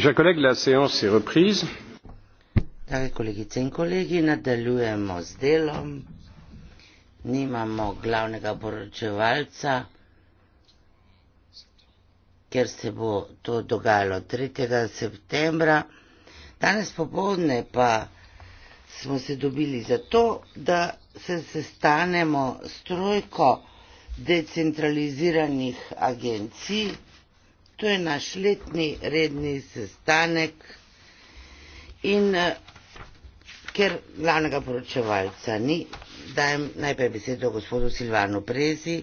chers collègues la séance est reprise Drage kolegice in kolegi, nadaljujemo z delom. Nimamo glavnega poročevalca, ker se bo to dogajalo 3. septembra. Danes popovdne pa smo se dobili zato, da se sestanemo s trojko decentraliziranih agencij, To je naš letni redni sestanek in eh, ker glavnega poročevalca ni, dajem najprej besedo gospodu Silvanu Prezi,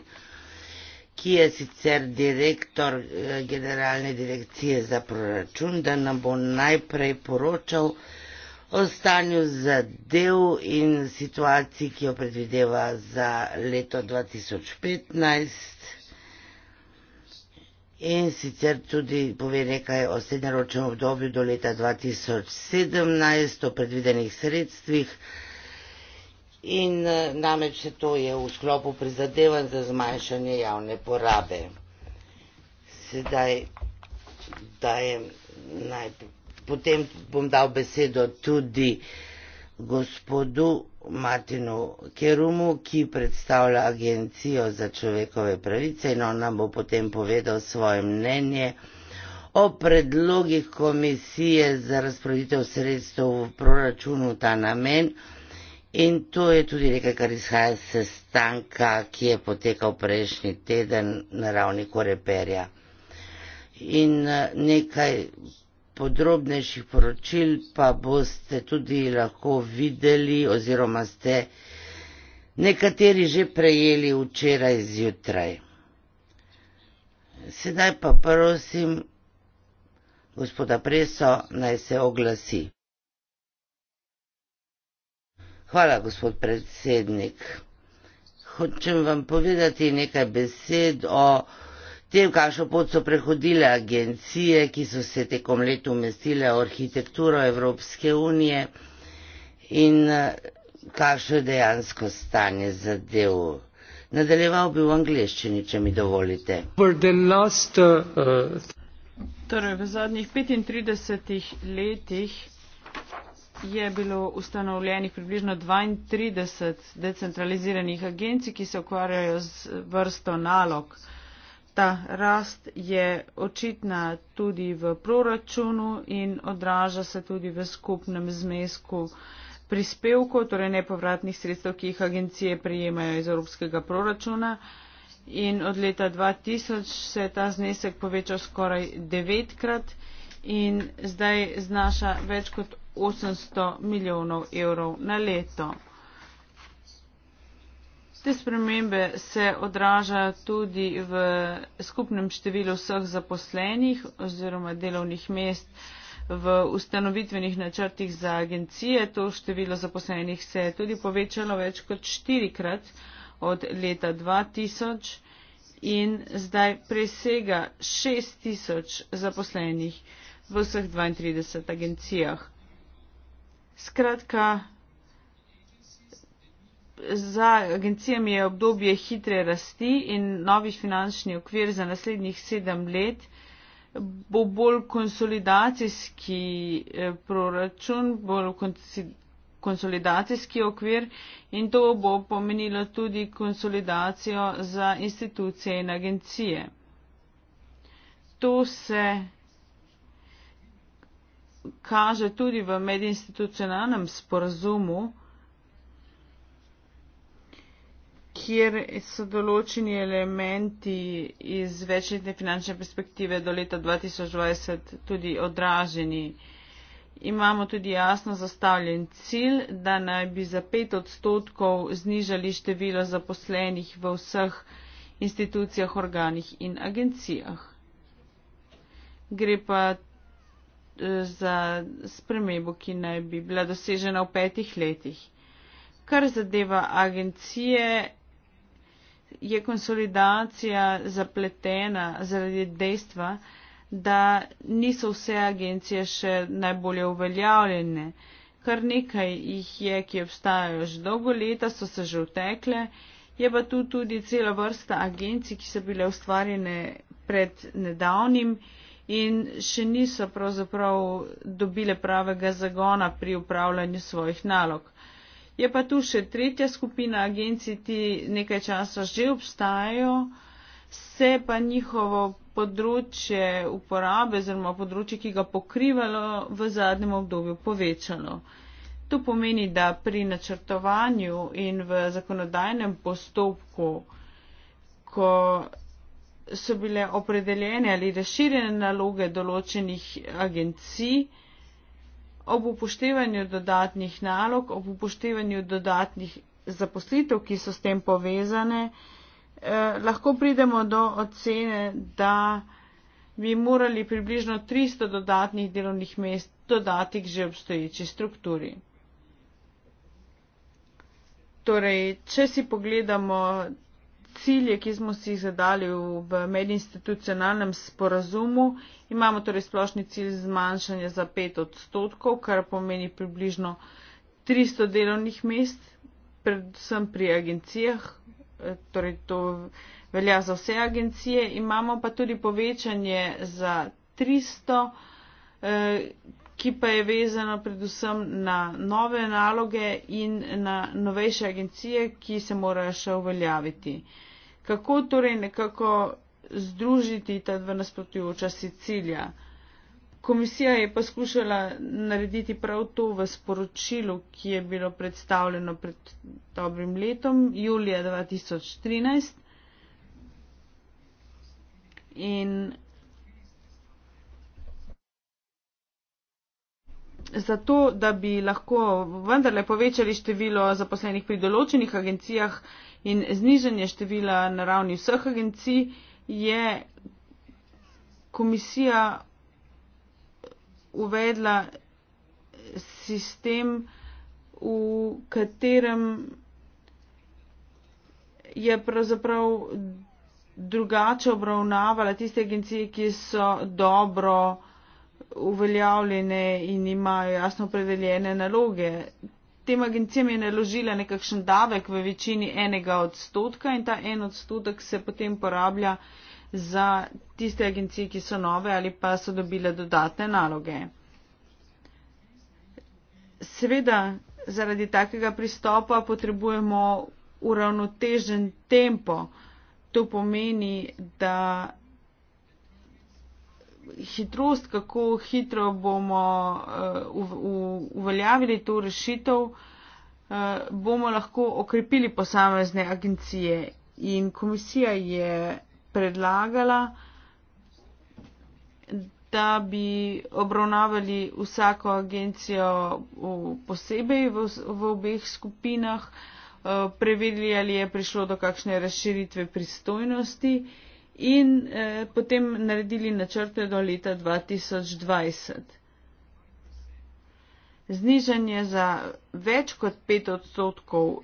ki je sicer direktor eh, generalne direkcije za proračun, da nam bo najprej poročal o stanju zadev in situaciji, ki jo predvideva za leto 2015 in sicer tudi pove nekaj o srednjeročnem obdobju do leta 2017, o predvidenih sredstvih. In eh, namreč to je v sklopu prizadevan za zmanjšanje javne porabe. Sedaj dajem, naj, potem bom dal besedo tudi eh, gospodu Martinu Kerumu, ki predstavlja Agencijo za človekove pravice in on nam bo potem povedal svoje mnenje o predlogih komisije za razporeditev sredstev v proračunu ta namen. In to je tudi nekaj, kar izhaja iz sestanka, ki je potekal prejšnji teden na ravni Koreperja. In eh, nekaj podrobnejših poročil pa boste tudi lahko videli oziroma ste nekateri že prejeli včeraj zjutraj. Sedaj pa prosim gospoda Preso naj se oglasi. Hvala, gospod predsednik. Hočem vam povedati nekaj besed o tem, kakšno pot so prehodile agencije, ki so se tekom let umestile v arhitekturo Evropske unije in eh, kakšno je dejansko stanje zadev. Nadaljeval bi v angleščini, če mi dovolite. Last, uh, uh, torej, v zadnjih 35 letih je bilo ustanovljenih približno 32 decentraliziranih agencij, ki se ukvarjajo z vrsto nalog. Ta rast je očitna tudi v proračunu in odraža se tudi v skupnem zmesku prispevkov, torej nepovratnih sredstev, ki jih agencije prijemajo iz evropskega proračuna. In od leta 2000 se je ta znesek povečal skoraj devetkrat in zdaj znaša več kot 800 milijonov evrov na leto. Te spremembe se odražajo tudi v skupnem številu vseh zaposlenih oziroma delovnih mest v ustanovitvenih načrtih za agencije. To število zaposlenih se je tudi povečalo več kot štirikrat od leta 2000 in zdaj presega 6000 zaposlenih v vseh 32 agencijah. Skratka, za agencijami je obdobje hitre rasti in novi finančni okvir za naslednjih sedem let bo bolj konsolidacijski eh, proračun, bolj konsolidacijski okvir in to bo pomenilo tudi konsolidacijo za institucije in agencije. To se kaže tudi v medinstitucionalnem sporazumu, kjer so določeni elementi iz večletne finančne perspektive do leta 2020 tudi odraženi. Imamo tudi jasno zastavljen cilj, da naj bi za pet odstotkov znižali število zaposlenih v vseh institucijah, organih in agencijah. Gre pa e, za spremembo, ki naj bi bila dosežena v petih letih. Kar zadeva agencije, je konsolidacija zapletena zaradi dejstva, da niso vse agencije še najbolje uveljavljene. Kar nekaj jih je, ki obstajajo že dolgo leta, so se že utekle, je pa tu tudi cela vrsta agencij, ki so bile ustvarjene pred nedavnim in še niso pravzaprav dobile pravega zagona pri upravljanju svojih nalog. Je pa tu še tretja skupina agencij, ki nekaj časa že obstajajo, se pa njihovo področje uporabe oziroma področje, ki ga pokrivalo v zadnjem obdobju, povečalo. To pomeni, da pri načrtovanju in v zakonodajnem postopku, ko so bile opredeljene ali razširjene naloge določenih agencij, ob upoštevanju dodatnih nalog, ob upoštevanju dodatnih zaposlitev, ki so s tem povezane, eh, lahko pridemo do ocene, da bi morali približno 300 dodatnih delovnih mest dodati k že obstoječi strukturi. Torej, če si pogledamo cilje, ki smo si jih zadali v, v medinstitucionalnem sporazumu. Imamo torej splošni cilj zmanjšanja za 5 odstotkov, kar pomeni približno 300 delovnih mest, predvsem pri agencijah. E, torej to velja za vse agencije. Imamo pa tudi povečanje za 300, e, ki pa je vezano predvsem na nove naloge in na novejše agencije, ki se morajo še uveljaviti kako torej nekako združiti ta dva nasprotujoča si cilja. Komisija je poskušala narediti prav to v sporočilu, ki je bilo predstavljeno pred dobrim letom, julija 2013. In zato, da bi lahko vendarle povečali število zaposlenih pri določenih agencijah, in znižanje števila na ravni vseh agencij je komisija uvedla sistem, v katerem je pravzaprav drugače obravnavala tiste agencije, ki so dobro uveljavljene in imajo jasno predeljene naloge tem agencijam je naložila nekakšen davek v večini enega odstotka in ta en odstotek se potem porablja za tiste agencije, ki so nove ali pa so dobile dodatne naloge. Seveda, zaradi takega pristopa potrebujemo uravnotežen tempo. To pomeni, da hitrost, kako hitro bomo uh, uveljavili to rešitev, uh, bomo lahko okrepili posamezne agencije. In komisija je predlagala, da bi obravnavali vsako agencijo posebej v, v obeh skupinah, uh, preverili, ali je prišlo do kakšne razširitve pristojnosti uh, in eh, potem naredili načrte do leta 2020. Znižanje za več kot 5 odstotkov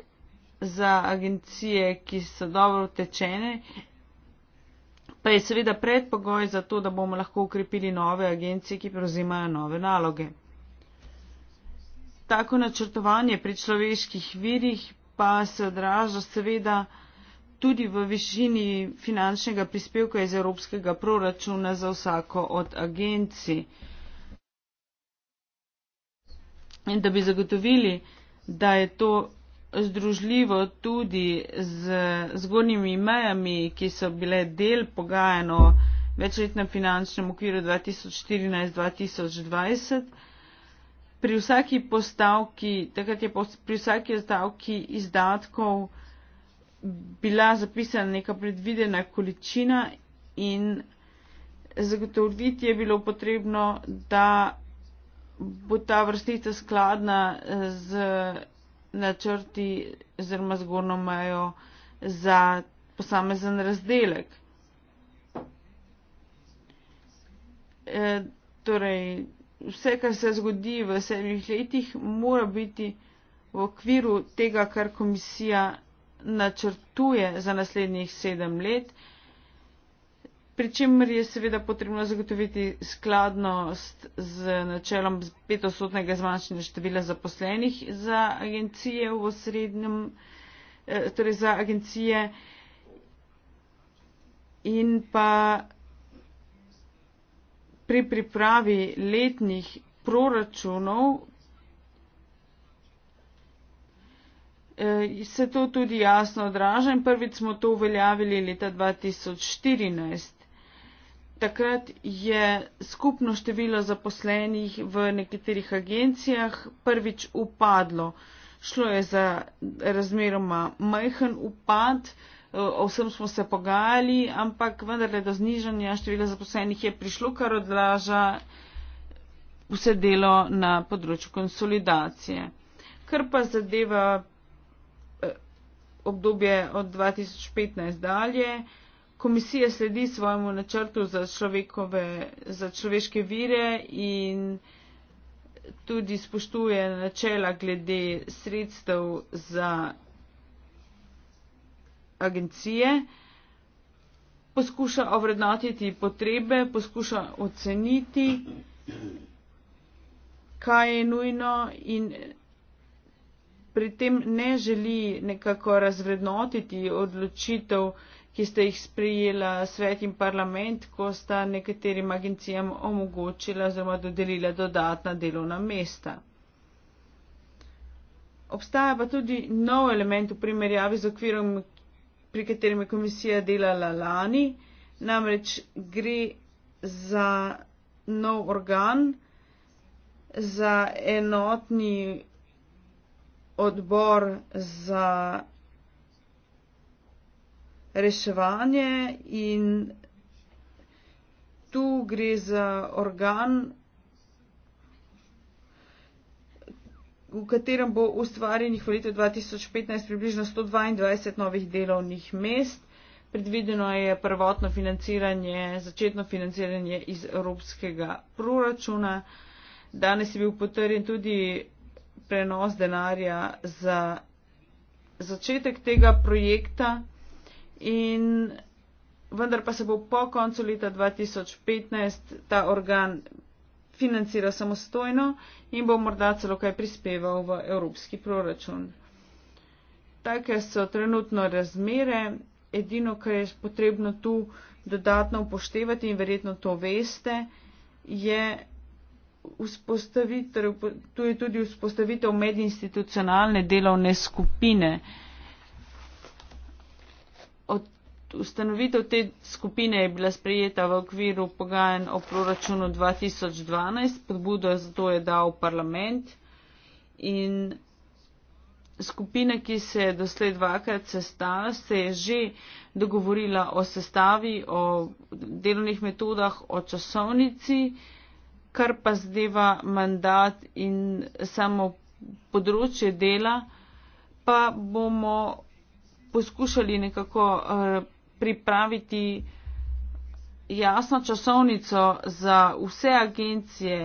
za agencije, ki so dobro tečene, pa je seveda predpogoj za to, da bomo lahko ukrepili nove agencije, ki prevzimajo nove naloge. Tako načrtovanje pri človeških virih pa se odraža seveda tudi v višini finančnega prispevka iz evropskega proračuna za vsako od agencij. In da bi zagotovili, da je to združljivo tudi z zgornjimi mejami, ki so bile del pogajeno večletnem finančnem okviru 2014-2020, pri vsaki postavki, takrat je pri vsaki postavki izdatkov bila zapisana neka predvidena količina in zagotoviti je bilo potrebno, da bo ta vrstica skladna eh, z načrti oziroma zgornjo mejo za posamezen razdelek. E, torej, vse, kar se zgodi v sedmih letih, mora biti v okviru tega, kar komisija načrtuje za naslednjih sedem let, pri čemer je seveda potrebno zagotoviti skladnost z načelom petosotnega zmanjšanja števila zaposlenih za agencije v osrednjem, eh, torej za agencije in pa pri pripravi letnih proračunov, E, se to tudi jasno odraža in prvič smo to uveljavili leta 2014. Takrat je skupno število zaposlenih v nekaterih agencijah prvič upadlo. Šlo je za razmeroma majhen upad, e, o vsem smo se pogajali, ampak vendarle do znižanja števila zaposlenih je prišlo, kar odlaža vse delo na področju konsolidacije. Kar pa zadeva obdobje od 2015 dalje. Komisija sledi svojemu načrtu za, človekove, za človeške vire in tudi spoštuje načela glede sredstev za agencije. Poskuša ovrednotiti potrebe, poskuša oceniti, kaj je nujno in pri tem ne želi nekako razvrednotiti odločitev, ki ste jih sprijela svet in parlament, ko sta nekaterim agencijam omogočila oziroma dodelila dodatna delovna mesta. Obstaja pa tudi nov element v primerjavi z okvirom, pri katerem je komisija delala lani, namreč gre za nov organ, za enotni odbor za reševanje in tu gre za organ, v katerem bo ustvarjenih v letu 2015 približno 122 novih delovnih mest. Predvideno je prvotno financiranje, začetno financiranje iz evropskega proračuna. Danes je bil potrjen tudi prenos denarja za začetek tega projekta, in vendar pa se bo po koncu leta 2015 ta organ financira samostojno in bo morda celo kaj prispeval v evropski proračun. Take so trenutno razmere, edino, kar je potrebno tu dodatno upoštevati in verjetno to veste, je vzpostavitev, tu je tudi vzpostavitev medinstitucionalne delovne skupine. Od ustanovitev te skupine je bila sprejeta v okviru pogajanj o proračunu 2012, podbudo za to je dal parlament in skupina, ki se je doslej dvakrat sestala, se je že dogovorila o sestavi, o delovnih metodah, o časovnici kar pa zdeva mandat in samo področje dela, pa bomo poskušali nekako eh, pripraviti jasno časovnico za vse agencije,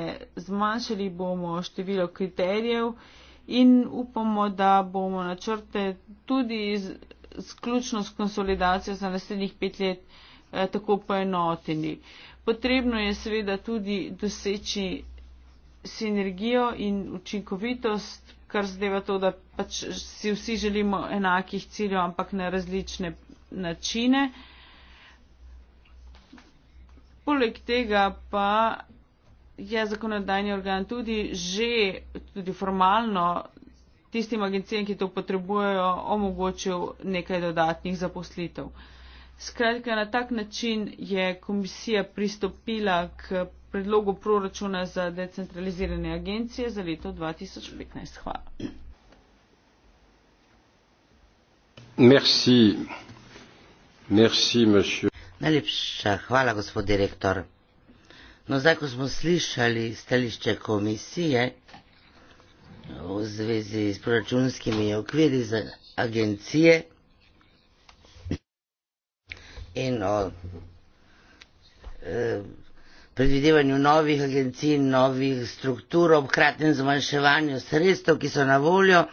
zmanjšali bomo število kriterijev in upamo, da bomo načrte tudi sključno s konsolidacijo za naslednjih pet let eh, tako poenotili. Potrebno je seveda tudi doseči sinergijo in učinkovitost, kar zdeva to, da pač si vsi želimo enakih ciljev, ampak na različne načine. Poleg tega pa je zakonodajni organ tudi že, tudi formalno, tistim agencijam, ki to potrebujejo, omogočil nekaj dodatnih zaposlitev. Skratka, na tak način je komisija pristopila k predlogu proračuna za decentralizirane agencije za leto 2015. Hvala. Merci. Merci, Najlepša hvala, gospod direktor. No, zdaj, ko smo slišali stališče komisije v zvezi s proračunskimi okviri za agencije, in o e, predvidevanju novih agencij in novih struktur ob kratnem zmanjševanju sredstev, ki so na voljo,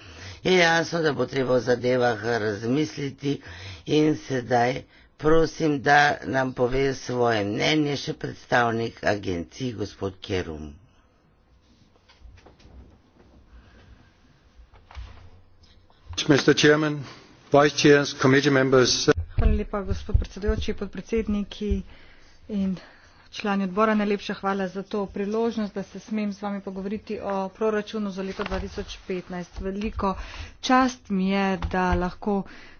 je jasno, da bo treba o zadevah razmisliti in sedaj prosim, da nam pove svoje mnenje še predstavnik agencij, gospod Kerum. Mr. Chairman, Vice Chairs, Committee Members. Hvala lepa, gospod predsedujoči, podpredsedniki in člani odbora. Najlepša hvala za to priložnost, da se smem z vami pogovoriti o proračunu za leto 2015. Veliko čast mi je, da lahko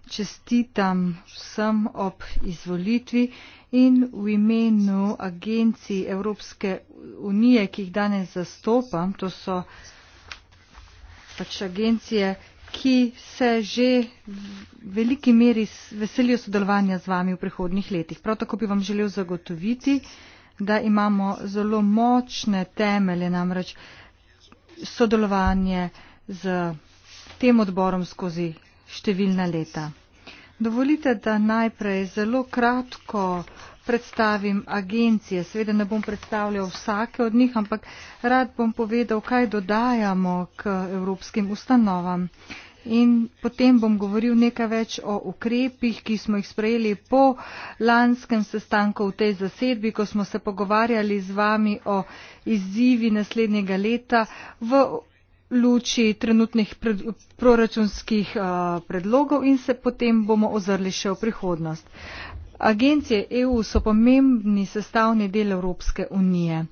čestitam vsem ob izvolitvi in v imenu agencij Evropske unije, ki jih danes zastopam, to so pač agencije, ki se že v veliki meri veselijo sodelovanja z vami v prihodnih letih. Prav tako bi vam želel zagotoviti, da imamo zelo močne temelje, namreč sodelovanje z tem odborom skozi številna leta. Dovolite, da najprej zelo kratko predstavim agencije. Seveda ne bom predstavljal vsake od njih, ampak rad bom povedal, kaj dodajamo k evropskim ustanovam in potem bom govoril nekaj več o ukrepih, ki smo jih sprejeli po lanskem sestanku v tej zasedbi, ko smo se pogovarjali z vami o izzivi naslednjega leta v luči trenutnih pred, proračunskih uh, predlogov in se potem bomo ozrli še v prihodnost. Agencije EU so pomembni sestavni del Evropske unije.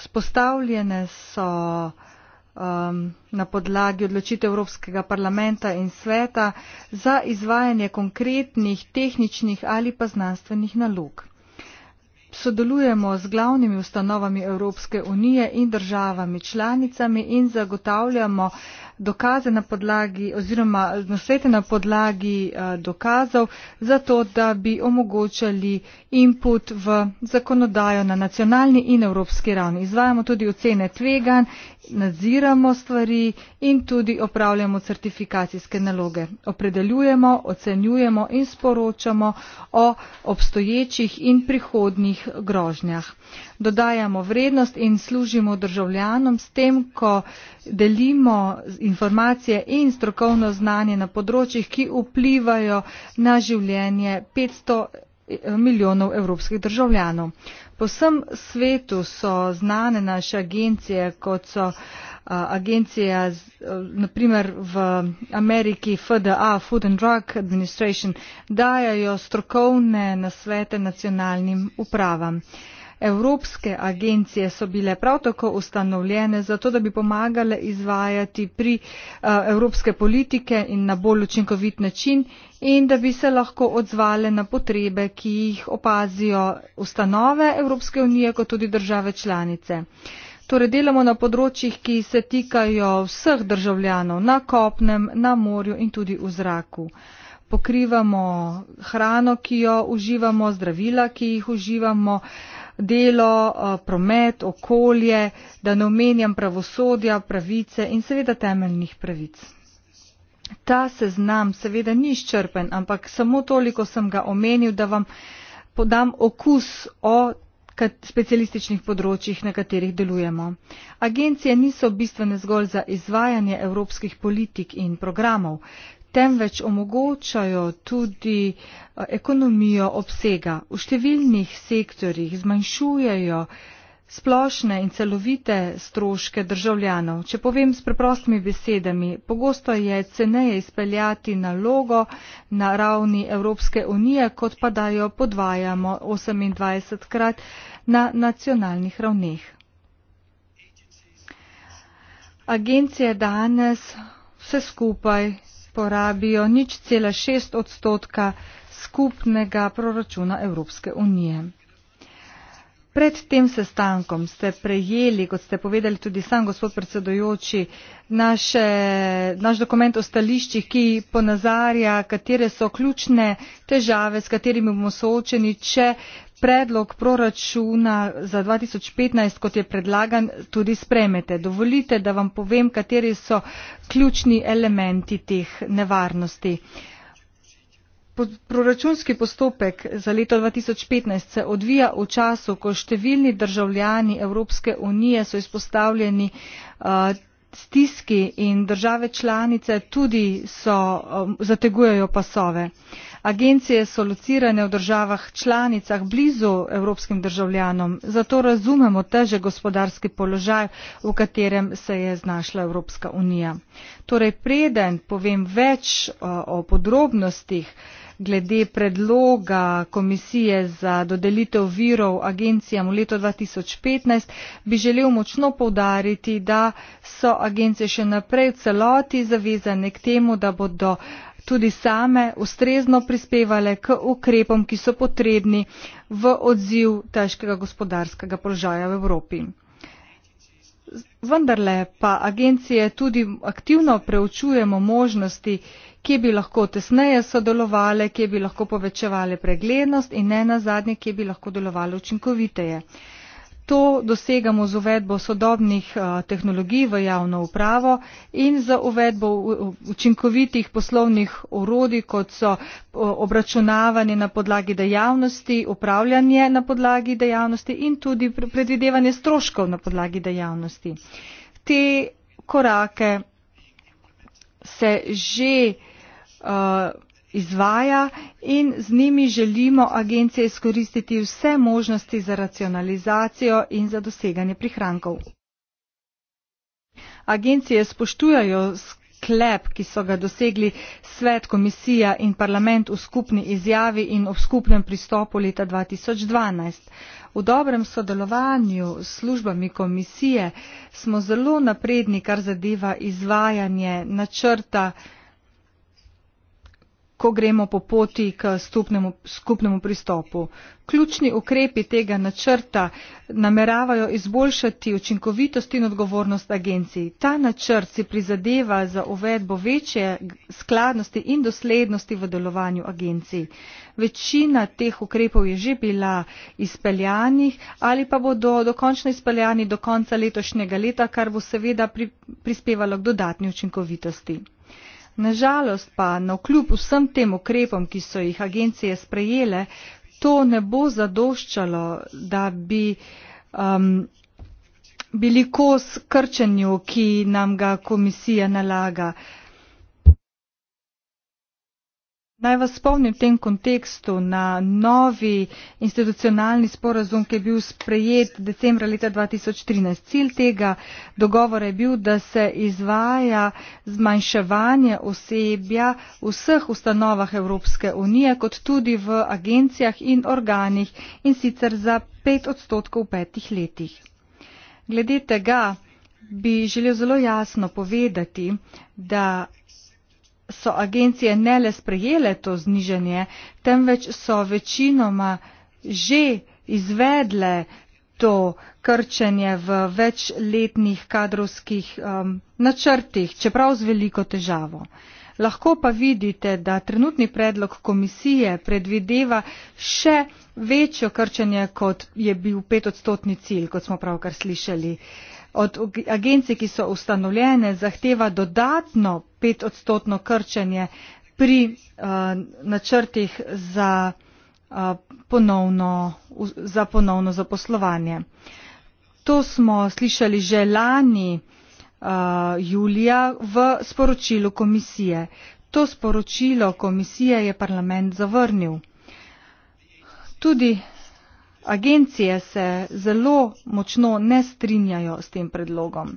Spostavljene so uh, um, na podlagi odločitev Evropskega parlamenta in sveta za izvajanje konkretnih tehničnih ali pa znanstvenih nalog. Sodelujemo z glavnimi ustanovami Evropske unije in državami članicami in zagotavljamo uh, dokaze na podlagi oziroma nasvete na podlagi eh, dokazov za to, da bi omogočali input v zakonodajo na nacionalni in evropski ravni. Izvajamo tudi ocene tvegan, nadziramo stvari in tudi opravljamo certifikacijske naloge. Opredeljujemo, ocenjujemo in sporočamo o obstoječih in prihodnih grožnjah. Dodajamo vrednost in služimo državljanom s tem, ko delimo informacije in strokovno znanje na področjih, ki vplivajo na življenje 500 eh, milijonov evropskih državljanov. Po vsem svetu so znane naše agencije, kot so eh, agencija eh, naprimer v Ameriki FDA, Food and Drug Administration, dajajo strokovne nasvete nacionalnim upravam. Evropske agencije so bile prav tako ustanovljene zato, da bi pomagale izvajati pri eh, evropske politike in na bolj učinkovit način in da bi se lahko odzvale na potrebe, ki jih opazijo ustanove Evropske unije kot tudi države članice. Torej delamo na področjih, ki se tikajo vseh državljanov na kopnem, na morju in tudi v zraku. Pokrivamo hrano, ki jo uživamo, zdravila, ki jih uživamo, delo, eh, promet, okolje, da ne omenjam pravosodja, pravice in seveda temeljnih pravic. Ta seznam seveda ni izčrpen, ampak samo toliko sem ga omenil, da vam podam okus o specialističnih področjih, na katerih delujemo. Agencije niso bistvene zgolj za izvajanje evropskih politik in programov temveč omogočajo tudi eh, ekonomijo obsega. V številnih sektorjih zmanjšujejo splošne in celovite stroške državljanov. Če povem s preprostimi besedami, pogosto je ceneje izpeljati nalogo na ravni Evropske unije, kot pa da jo podvajamo 28 krat na nacionalnih ravneh. Agencije danes vse skupaj porabijo nič cela šest odstotka skupnega proračuna Evropske unije. Pred tem sestankom ste prejeli, kot ste povedali tudi sam gospod predsedojoči, naš, naš dokument o stališčih, ki ponazarja, katere so ključne težave, s katerimi bomo soočeni, če predlog proračuna za 2015, kot je predlagan, tudi spremete. Dovolite, da vam povem, kateri so ključni elementi teh nevarnosti. Proračunski postopek za leto 2015 se odvija v času, ko številni državljani Evropske unije so izpostavljeni uh, stiski in države članice tudi so, um, zategujejo pasove. Uh, agencije so locirane v državah članicah blizu evropskim državljanom, zato razumemo težek gospodarski položaj, v katerem se je znašla Evropska unija. Torej, preden povem več o podrobnostih glede predloga komisije za dodelitev virov agencijam v letu 2015, bi želel močno povdariti, da so agencije še naprej v celoti zavezane k temu, da bodo tudi same ustrezno prispevale k ukrepom, ki so potrebni v odziv težkega gospodarskega položaja v Evropi. Vendarle pa agencije tudi aktivno preučujemo možnosti, kje bi lahko tesneje sodelovali, kje bi lahko povečevali preglednost in ne nazadnje, kje bi lahko delovali učinkoviteje to dosegamo z uvedbo sodobnih eh, tehnologij v javno upravo in z uvedbo učinkovitih poslovnih orodij, kot so obračunavanje na podlagi dejavnosti, upravljanje na podlagi dejavnosti in tudi predvidevanje stroškov na podlagi dejavnosti. Te korake se že uh, izvaja in z njimi želimo agencije izkoristiti vse možnosti za racionalizacijo in za doseganje prihrankov. Agencije spoštujajo sklep, ki so ga dosegli svet, komisija in parlament v skupni izjavi in ob skupnem pristopu leta 2012. V dobrem sodelovanju s službami komisije smo zelo napredni, kar zadeva izvajanje načrta ko gremo po poti k stupnemu, skupnemu pristopu. Ključni ukrepi tega načrta nameravajo izboljšati učinkovitost in odgovornost agencij. Ta načrt si prizadeva za uvedbo večje skladnosti in doslednosti v delovanju agencij. Večina teh ukrepov je že bila izpeljanih ali pa bodo dokončno izpeljani do konca letošnjega leta, kar bo seveda pri, prispevalo k dodatni učinkovitosti. Na žalost pa, na no, kljub vsem tem ukrepom, ki so jih agencije sprejele, to ne bo zadoščalo, da bi um, bili kos krčenju, ki nam ga komisija nalaga. Uh, Naj vas spomnim v tem kontekstu na novi institucionalni sporazum, ki je bil sprejet decembra leta 2013. Cilj tega dogovora je bil, da se izvaja zmanjševanje osebja v vseh ustanovah Evropske unije, kot tudi v agencijah in organih in sicer za pet odstotkov v petih letih. Glede tega bi želel zelo jasno povedati, da so agencije ne le sprejele to zniženje, temveč so večinoma že izvedle to krčenje v večletnih kadrovskih um, načrtih, čeprav z veliko težavo. Lahko pa vidite, da trenutni predlog komisije predvideva še večjo krčenje, kot je bil petodstotni cilj, kot smo pravkar slišali. Uh, od agencij, ki so ustanovljene, zahteva dodatno pet odstotno krčenje pri uh, načrtih za, uh, ponovno, za ponovno zaposlovanje. To smo slišali že lani uh, julija v sporočilu komisije. To sporočilo komisije je parlament zavrnil. Tudi Agencije se zelo močno ne strinjajo s tem predlogom.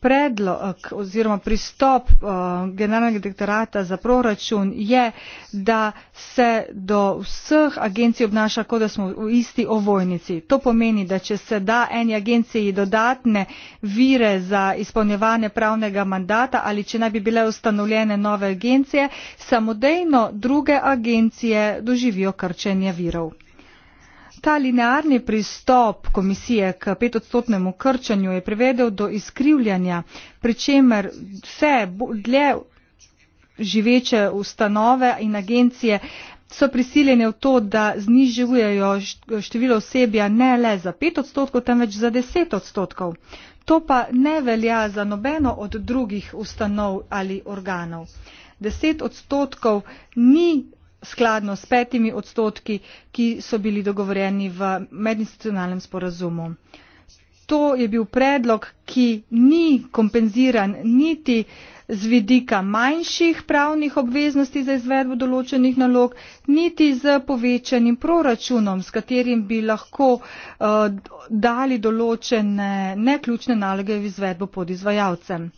Predlog oziroma pristop uh, Generalnega direktorata za proračun je, da se do vseh agencij obnaša, kot da smo v isti ovojnici. To pomeni, da če se da eni agenciji dodatne vire za izpolnjevanje pravnega mandata ali če naj bi bile ustanovljene nove agencije, samodejno druge agencije doživijo krčenje virov. Ta linearni pristop komisije k petodstotnemu krčanju je privedel do izkrivljanja, pri čemer vse dlje živeče ustanove in agencije so prisiljene v to, da znižujejo število osebja ne le za pet odstotkov, temveč za deset odstotkov. To pa ne velja za nobeno od drugih ustanov ali organov. Deset odstotkov ni skladno s petimi odstotki, ki so bili dogovorjeni v medinstitucionalnem sporazumu. To je bil predlog, ki ni kompenziran niti z vidika manjših pravnih obveznosti za izvedbo določenih nalog, niti z povečanim proračunom, s katerim bi lahko uh, dali določene neključne naloge v izvedbo pod izvajalcem. Uh,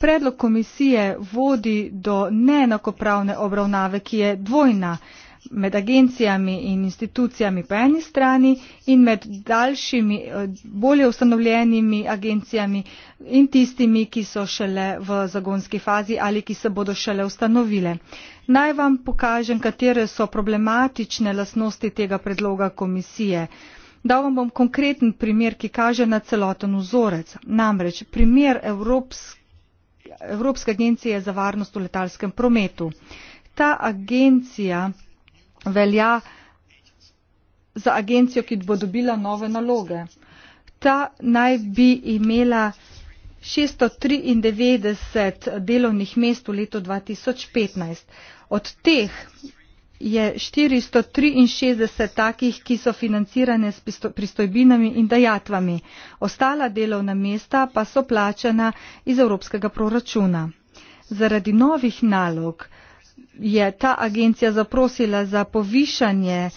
predlog komisije vodi do neenakopravne obravnave, ki je dvojna med agencijami in institucijami po eni strani in med daljšimi, eh, bolje ustanovljenimi agencijami in tistimi, ki so šele v zagonski fazi ali ki se bodo šele ustanovile. Naj vam pokažem, katere so problematične lasnosti tega predloga komisije. Dal vam bom konkreten primer, ki kaže na celoten vzorec. Namreč primer Evropske Evropske agencije za varnost v letalskem prometu. Ta agencija velja za agencijo, ki bo dobila nove naloge. Ta naj bi imela 693 delovnih mest v letu 2015. Od teh je štiristo triinšestdeset takih ki so financirane s pristojbinami in dajatvami ostala delovna mesta pa so plačana iz evropskega proračuna zaradi novih nalog je ta agencija zaprosila za povišanje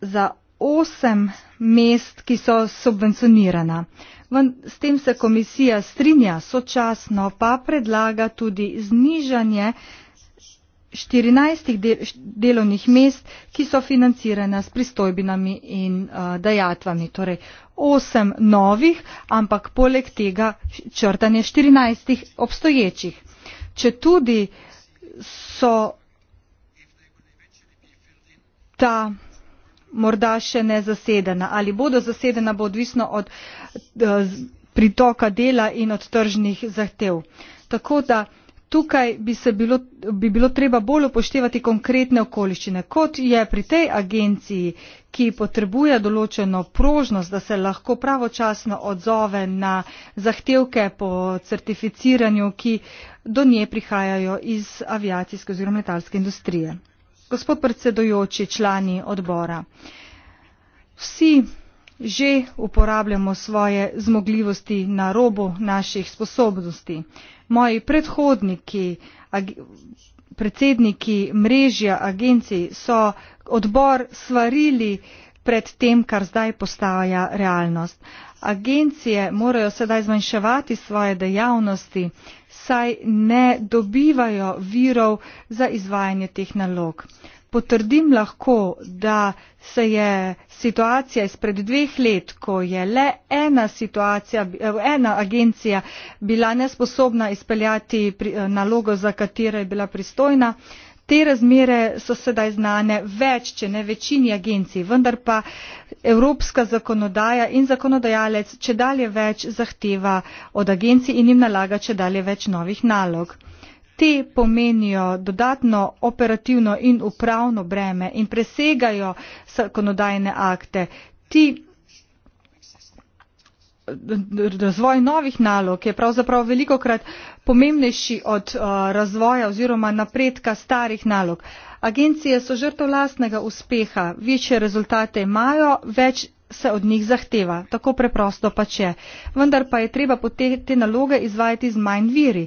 za osem mest ki so subvencionirana s tem se komisija strinja sočasno pa predlaga tudi znižanje štirinajstih del, delovnih mest, ki so financirana s pristojbinami in uh, dajatvami. Torej osem novih, ampak poleg tega črtanje štirinajstih obstoječih. Če tudi so ta morda še ne zasedena ali bodo zasedena, bo odvisno od uh, pritoka dela in od tržnih zahtev. Tako da tukaj bi, bilo, bi bilo treba bolj upoštevati konkretne okoliščine kot je pri tej agenciji ki potrebuje določeno prožnost da se lahko pravočasno odzove na zahtevke po certificiranju ki do nje prihajajo iz aviacijske oziroma letalske industrije gospod predsedujoči člani odbora vsi že uporabljamo svoje zmogljivosti na robu naših sposobnosti. Moji predhodniki, ag, predsedniki mrežja agencij so odbor svarili pred tem, kar zdaj postaja realnost. Agencije morajo sedaj zmanjševati svoje dejavnosti, saj ne dobivajo virov za izvajanje teh nalog potrdim lahko, da se je situacija izpred dveh let, ko je le ena, ena agencija bila nesposobna izpeljati eh, nalogo, za katero je bila pristojna, te razmere so sedaj znane več, če ne večini agencij, vendar pa evropska zakonodaja in zakonodajalec če dalje več zahteva od agencij in jim nalaga če dalje več novih nalog. Te pomenijo dodatno operativno in upravno breme in presegajo zakonodajne akte. Ti razvoj novih nalog je pravzaprav veliko krat pomembnejši od eh, razvoja oziroma napredka starih nalog. Agencije so žrtev lastnega uspeha, večje rezultate imajo, več se od njih zahteva. Tako preprosto pač je. Vendar pa je treba te, te naloge izvajati z manj viri.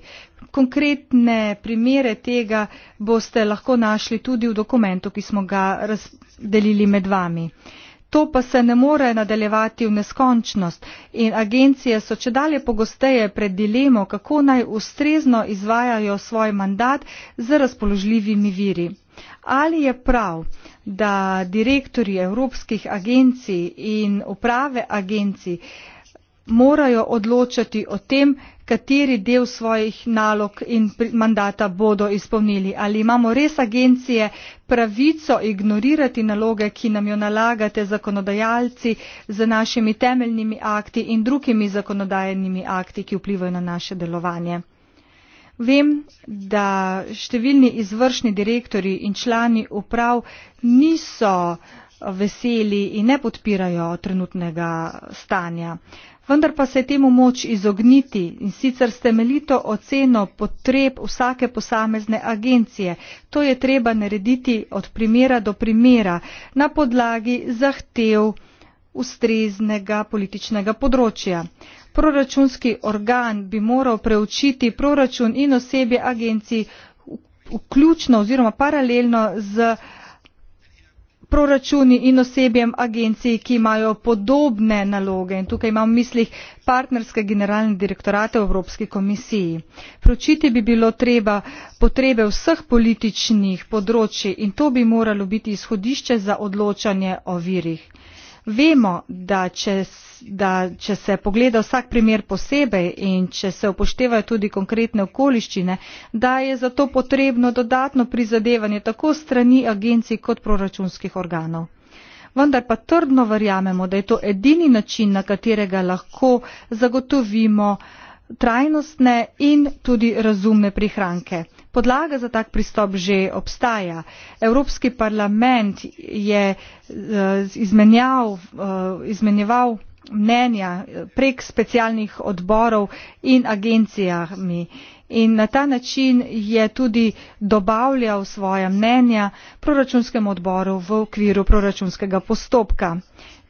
Konkretne primere tega boste lahko našli tudi v dokumentu, ki smo ga razdelili med vami. To pa se ne more nadaljevati v neskončnost in agencije so če dalje pogosteje pred dilemo, kako naj ustrezno izvajajo svoj mandat z razpoložljivimi viri. Ali je prav, da direktori evropskih agencij in uprave agencij morajo odločati o tem, kateri del svojih nalog in mandata bodo izpolnili. Ali imamo res agencije pravico ignorirati naloge, ki nam jo nalagate zakonodajalci z našimi temeljnimi akti in drugimi zakonodajnimi akti, ki vplivajo na naše delovanje? Vem, da številni izvršni direktori in člani uprav niso veseli in ne podpirajo trenutnega stanja. Vendar pa se je temu moč izogniti in sicer s temeljito oceno potreb vsake posamezne agencije. To je treba narediti od primera do primera na podlagi zahtev ustreznega političnega področja proračunski organ bi moral preučiti proračun in osebje agencij vključno oziroma paralelno z proračuni in osebjem agencij, ki imajo podobne naloge in tukaj imam v mislih partnerske generalne direktorate v Evropski komisiji. Pročiti bi bilo treba potrebe vseh političnih področji in to bi moralo biti izhodišče za odločanje o virih. Vemo, da če, da če se pogleda vsak primer posebej in če se upoštevajo tudi konkretne okoliščine, da je zato potrebno dodatno prizadevanje tako strani agencij kot proračunskih organov. Vendar pa trdno verjamemo, da je to edini način, na katerega lahko zagotovimo trajnostne in tudi razumne prihranke podlaga za tak pristop že obstaja. Evropski parlament je eh, eh, izmenjeval mnenja eh, prek specialnih odborov in agencijami. In na ta način je tudi dobavljal svoja mnenja proračunskemu odboru v okviru proračunskega postopka.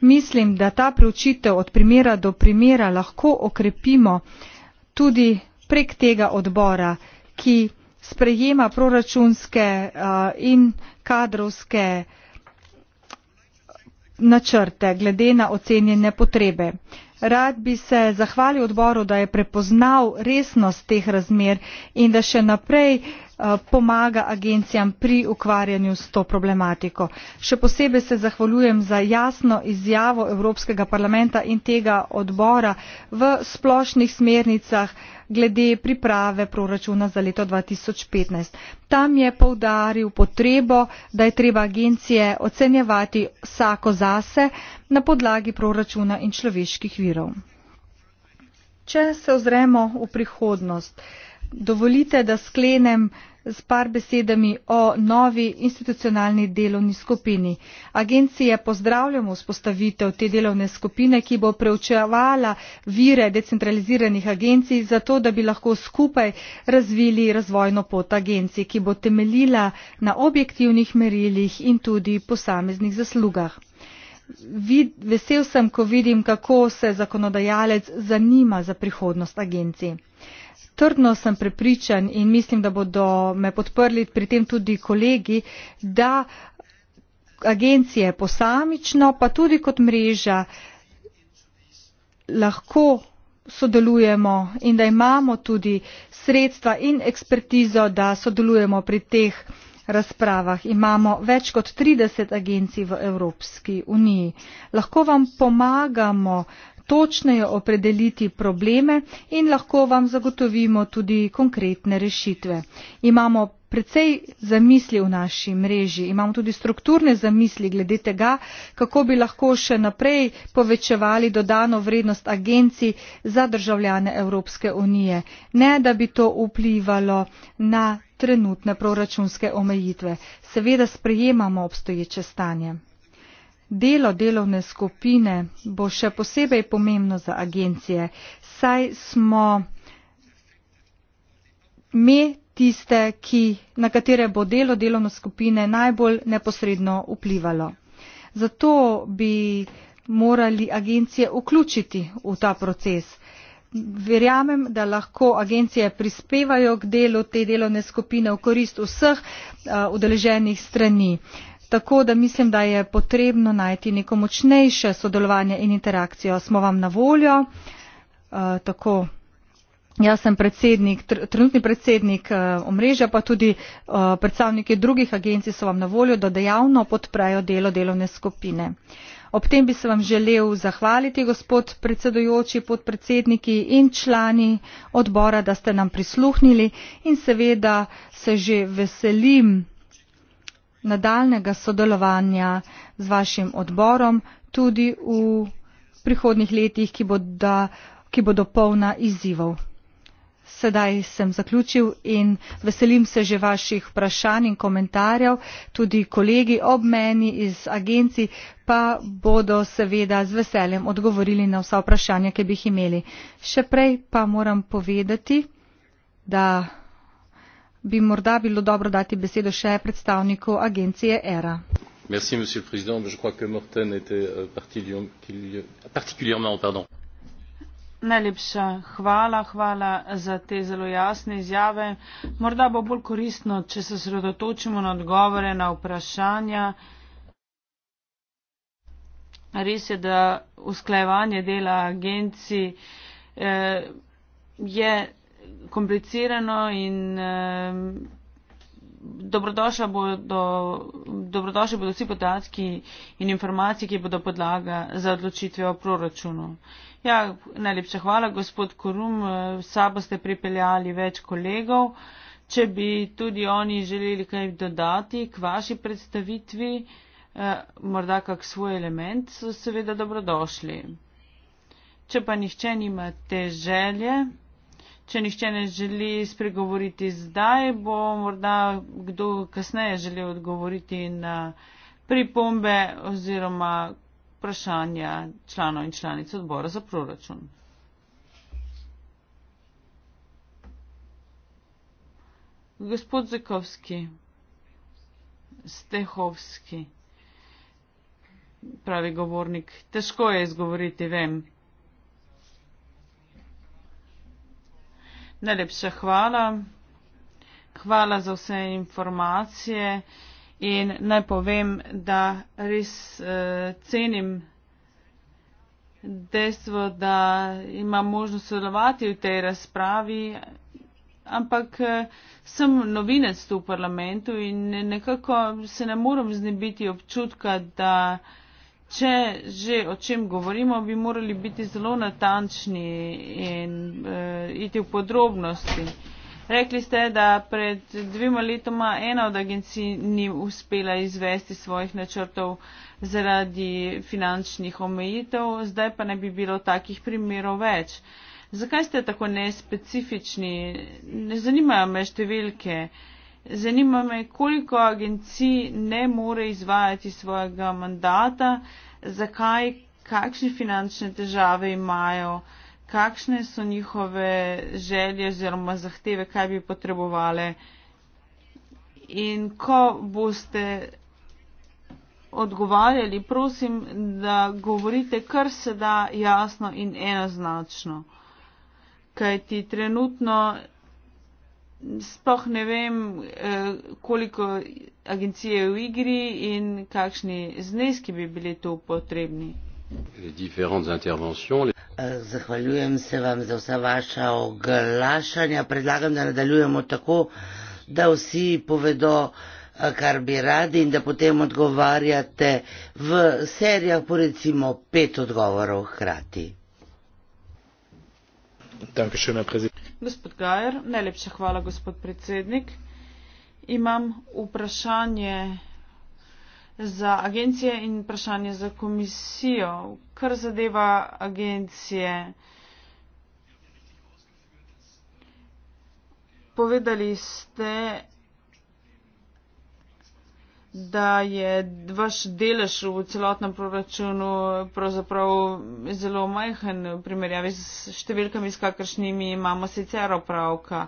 Mislim, da ta preučitev od primera do primera lahko okrepimo tudi prek tega odbora, ki sprejema proračunske eh, in kadrovske načrte glede na ocenjene potrebe. Rad bi se zahvalil odboru, da je prepoznal resnost teh razmer in da še naprej eh, pomaga agencijam pri ukvarjanju s to problematiko. Še posebej se zahvaljujem za jasno izjavo Evropskega parlamenta in tega odbora v splošnih smernicah glede priprave proračuna za leto 2015. Tam je povdaril potrebo, da je treba agencije ocenjevati vsako zase na podlagi proračuna in človeških virov. Če se ozremo v prihodnost, dovolite, da sklenem s par besedami o novi institucionalni delovni skupini. Agencije pozdravljamo vzpostavitev te delovne skupine, ki bo preučevala vire decentraliziranih agencij, zato da bi lahko skupaj razvili razvojno pot agencij, ki bo temeljila na objektivnih merilih in tudi posameznih zaslugah. Vesel sem, ko vidim, kako se zakonodajalec zanima za prihodnost agencij trdno sem prepričan in mislim, da bodo me podprli pri tem tudi kolegi, da agencije posamično, pa tudi kot mreža, lahko sodelujemo in da imamo tudi sredstva in ekspertizo, da sodelujemo pri teh razpravah. Imamo več kot 30 agencij v Evropski uniji. Lahko vam pomagamo uh, točneje opredeliti probleme in lahko vam zagotovimo tudi konkretne rešitve. Imamo precej zamisli v naši mreži, imamo tudi strukturne zamisli glede tega, kako bi lahko še naprej povečevali dodano vrednost agencij za državljane Evropske unije, ne da bi to vplivalo na trenutne proračunske omejitve. Seveda sprejemamo obstoječe stanje. Delo delovne skupine bo še posebej pomembno za agencije, saj smo mi tiste, ki, na katere bo delo delovne skupine najbolj neposredno vplivalo. Zato bi morali agencije vključiti v ta proces. Verjamem, da lahko agencije prispevajo k delu te delovne skupine v korist vseh eh, udeleženih strani. Tako da mislim, da je potrebno najti neko močnejše sodelovanje in interakcijo. Smo vam na voljo. Eh, tako, jaz sem predsednik, trenutni predsednik eh, omrežja, pa tudi eh, predstavniki drugih agencij so vam na voljo, da dejavno podprejo delo delovne skupine. Ob tem bi se vam želel zahvaliti, gospod predsedujoči, podpredsedniki in člani odbora, da ste nam prisluhnili in seveda se že veselim nadaljnega sodelovanja z vašim odborom tudi v prihodnih letih, ki bodo, ki bodo polna izzivov. Sedaj sem zaključil in veselim se že vaših vprašanj in komentarjev. Tudi kolegi ob meni iz agencij pa bodo seveda z veseljem odgovorili na vsa vprašanja, ki bi jih imeli. Še prej pa moram povedati, da bi morda bilo dobro dati besedo še predstavniku agencije era. Euh, najlepša hvala hvala za te zelo jasne izjave morda bo bolj koristno če se osredotočimo na odgovore na vprašanja res je da usklajevanje dela agencij eh, je komplicirano in dobrodošla bodo, dobrodošli bodo vsi podatki in informacije, ki bodo podlaga za odločitve o proračunu. Ja, najlepša hvala, gospod Korum, sabo ste pripeljali več kolegov. Če bi tudi oni želeli kaj dodati k vaši predstavitvi, eh, morda kak svoj element, so seveda dobrodošli. Če pa nihče nima te želje, Če nišče ne želi spregovoriti zdaj, bo morda kdo kasneje želel odgovoriti na pripombe oziroma vprašanja članov in članic odbora za proračun. Gospod Zekovski, Stehovski, pravi govornik, težko je izgovoriti, vem. Najlepša hvala. Hvala za vse informacije in naj povem, da res eh, cenim dejstvo, da imam možnost sodelovati v tej razpravi, ampak eh, sem novinec tu v parlamentu in nekako se ne morem znebiti občutka, da eh, če že o čem govorimo, bi morali biti zelo natančni in uh, iti v podrobnosti. Rekli ste, da pred dvima letoma ena od agencij ni uspela izvesti svojih načrtov zaradi finančnih omejitev, zdaj pa ne bi bilo takih primerov več. Zakaj ste tako nespecifični? Ne zanimajo me številke. Uh, Zanima me, koliko agencij ne more izvajati svojega mandata, zakaj, kakšne finančne težave imajo, kakšne so njihove želje oziroma zahteve, kaj bi potrebovali. In ko boste odgovarjali, prosim, da govorite kar se da jasno in enoznačno. Kajti trenutno Spoh ne vem, eh, koliko agencije je v igri in kakšni zneski bi bili tu potrebni. Eh, zahvaljujem se vam za vsa vaša oglašanja. Predlagam, da nadaljujemo tako, da vsi povedo, eh, kar bi radi in da potem odgovarjate v serijah po recimo pet odgovorov hkrati. Danke, Gospod Gajer, najlepša hvala, gospod predsednik. Imam vprašanje za agencije in vprašanje za komisijo. Kar zadeva agencije, povedali ste, da je vaš delež v celotnem proračunu pravzaprav zelo majhen v primerjavi s številkami, s kakršnimi imamo sicer opravka.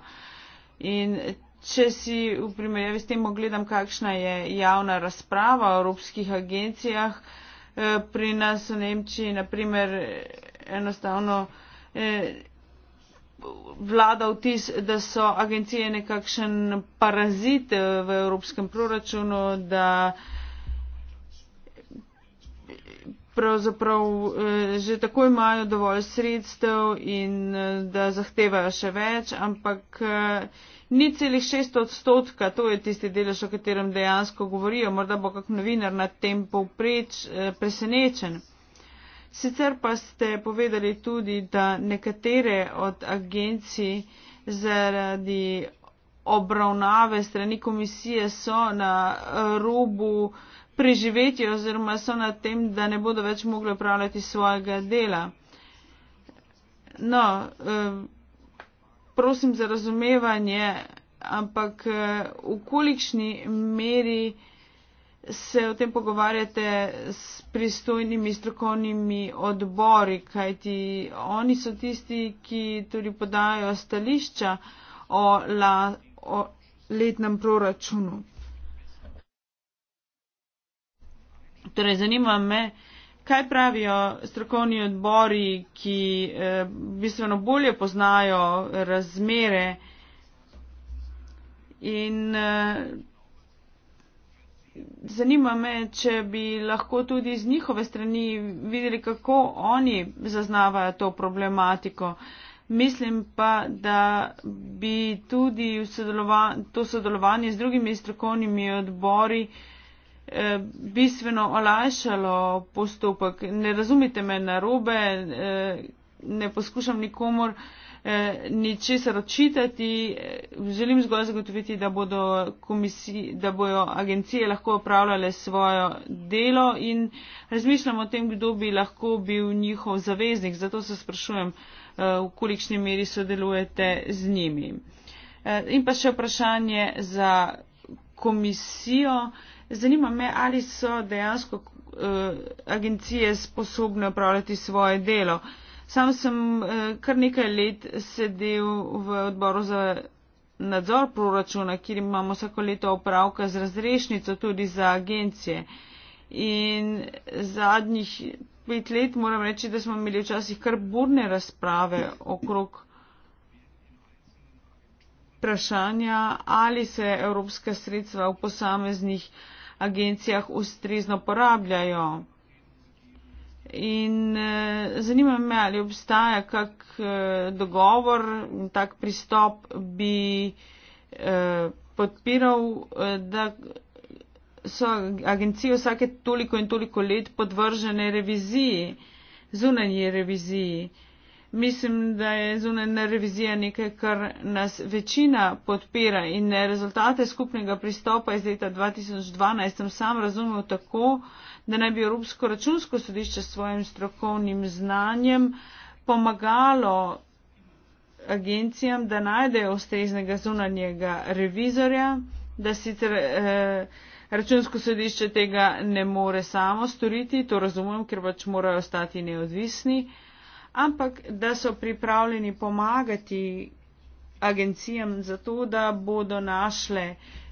In če si v primerjavi s tem ogledam, kakšna je javna razprava o evropskih agencijah, eh, pri nas v Nemčiji, na primer, enostavno. Eh, vlada vtis, da so agencije nekakšen parazit eh, v evropskem proračunu, da eh, pravzaprav eh, že tako imajo dovolj sredstev in da zahtevajo še več, ampak ni celih šest odstotka, to je tisti delež, o katerem dejansko govorijo, morda bo kak novinar nad tem povpreč presenečen. Sicer pa ste povedali tudi, da nekatere od agencij zaradi obravnave strani komisije so na eh, robu preživetja oziroma so na tem, da ne bodo več mogli upravljati svojega dela. No, eh, prosim za razumevanje, ampak eh, v kolikšni meri se o tem pogovarjate s pristojnimi strokovnimi odbori, kajti oni so tisti, ki tudi podajo stališča o, la, o letnem proračunu. Torej, zanima me, kaj pravijo strokovni odbori, ki eh, bistveno bolje poznajo razmere in eh, Zanima me, če bi lahko tudi z njihove strani videli, kako oni zaznavajo to problematiko. Mislim pa, da bi tudi sodelova to sodelovanje z drugimi strokovnimi odbori eh, bistveno olajšalo postopek. Ne razumite me narobe, eh, ne poskušam nikomor eh, Eh, ničesar očitati, eh, želim zgolj zagotoviti, da bodo, komisij, da bodo agencije lahko opravljale svojo delo in razmišljamo o tem, kdo bi lahko bil njihov zaveznik. Zato se sprašujem, eh, v kolikšni meri sodelujete z njimi. In pa še vprašanje za komisijo. Zanima me, ali so dejansko uh, agencije sposobne upravljati svoje delo. Uh, Sam sem eh, kar nekaj let sedel v odboru za nadzor proračuna, kjer imamo vsako leto opravka z razrešnico tudi za agencije. In zadnjih pet let moram reči, da smo imeli včasih kar burne razprave okrog vprašanja, ali se evropska sredstva v posameznih agencijah ustrezno porabljajo. In uh, zanima me, ali obstaja kak uh, dogovor in tak pristop bi uh, podpiral, uh, da so agencije vsake toliko in toliko let podvržene reviziji, zunanji reviziji. Mislim, da je zunanja revizija nekaj, kar nas večina podpira in rezultate skupnega pristopa iz leta 2012 sem sam razumel tako, da naj bi Evropsko računsko sodišče s svojim strokovnim znanjem pomagalo agencijam, da najdejo ustreznega zunanjega revizorja, da sicer eh, računsko sodišče tega ne more samo storiti, to razumem, ker pač morajo ostati neodvisni, ampak da so pripravljeni pomagati agencijam za to, da bodo našle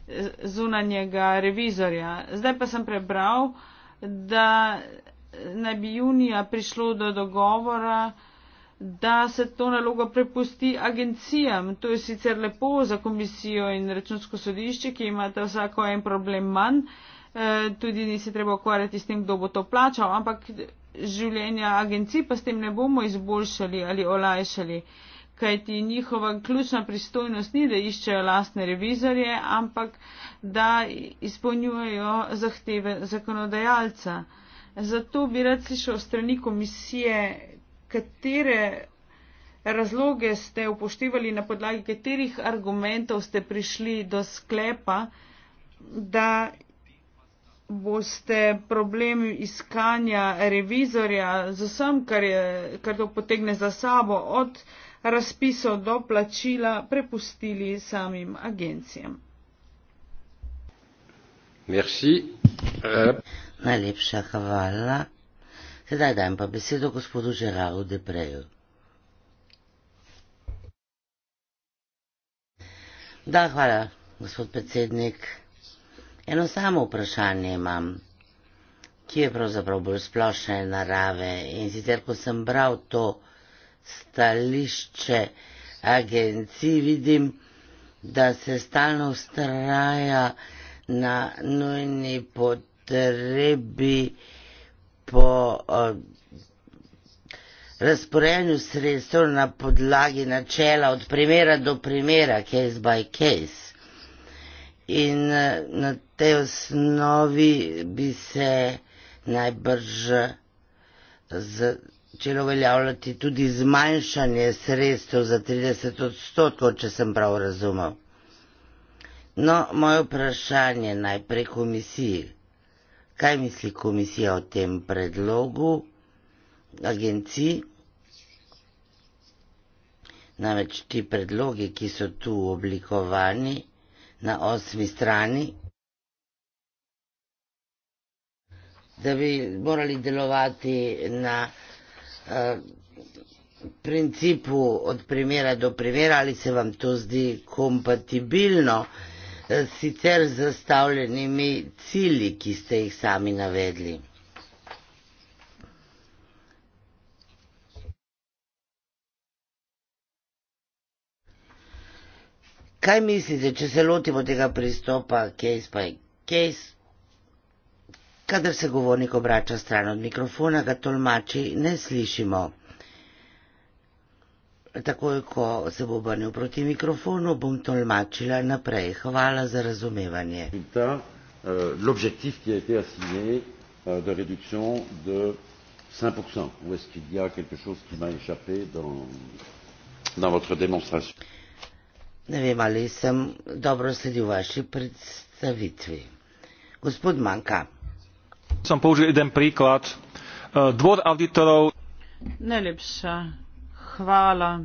eh, zunanjega revizorja. Zdaj pa sem prebral, da naj bi junija prišlo do dogovora, da se to nalogo prepusti agencijam. To je sicer lepo za komisijo in računsko sodišče, ki imata vsako en problem manj, e, tudi ni se treba ukvarjati s tem, kdo bo to plačal, ampak življenja agencij pa s tem ne bomo izboljšali ali olajšali, kajti njihova ključna pristojnost ni, da iščejo lastne revizorje, ampak da izpolnjujejo zahteve zakonodajalca. Zato bi rad slišal strani komisije, katere razloge ste upoštevali, na podlagi katerih argumentov ste prišli do sklepa, da boste problem iskanja revizorja z vsem, kar, je, kar to potegne za sabo, od razpisov do plačila, prepustili samim agencijam. Merci. Euh. Najlepša hvala. Sedaj dajem pa besedo gospodu Žeralu Depreju. Da, hvala, gospod predsednik. Eno samo vprašanje imam, ki je pravzaprav bolj splošne narave in sicer, ko sem bral to stališče agenciji, vidim, da se stalno ustraja, na nujni potrebi po eh, razporejanju sredstev na podlagi načela od primera do primera, case by case. In eh, na tej osnovi bi se najbrž eh, začelo veljavljati tudi zmanjšanje sredstev za 30 odstotkov, če sem prav razumel. No, moje vprašanje najprej komisiji. Kaj misli komisija o tem predlogu agencij? Namreč ti predlogi, ki so tu oblikovani na osmi strani, da bi morali delovati na uh, principu od primera do primera, ali se vam to zdi kompatibilno? sicer zastavljenimi cilji, ki ste jih sami navedli. Kaj mislite, če se lotimo tega pristopa case by case? Kadar se govornik obrača stran od mikrofona, ga tolmači ne slišimo. Takoj, ko se bo obrnil proti mikrofonu, bom tolmačila naprej. Hvala za razumevanje. Eh, l'objectif qui a été assigné eh, de réduction de 5%, ou est-ce qu'il y a quelque chose qui m'a échappé dans, dans votre démonstration Ne vem, ali sem dobro sledil vaši predstavitvi. Gospod Manka. Sem použil eden príklad. Eh, dvor auditorov. Najlepša hvala.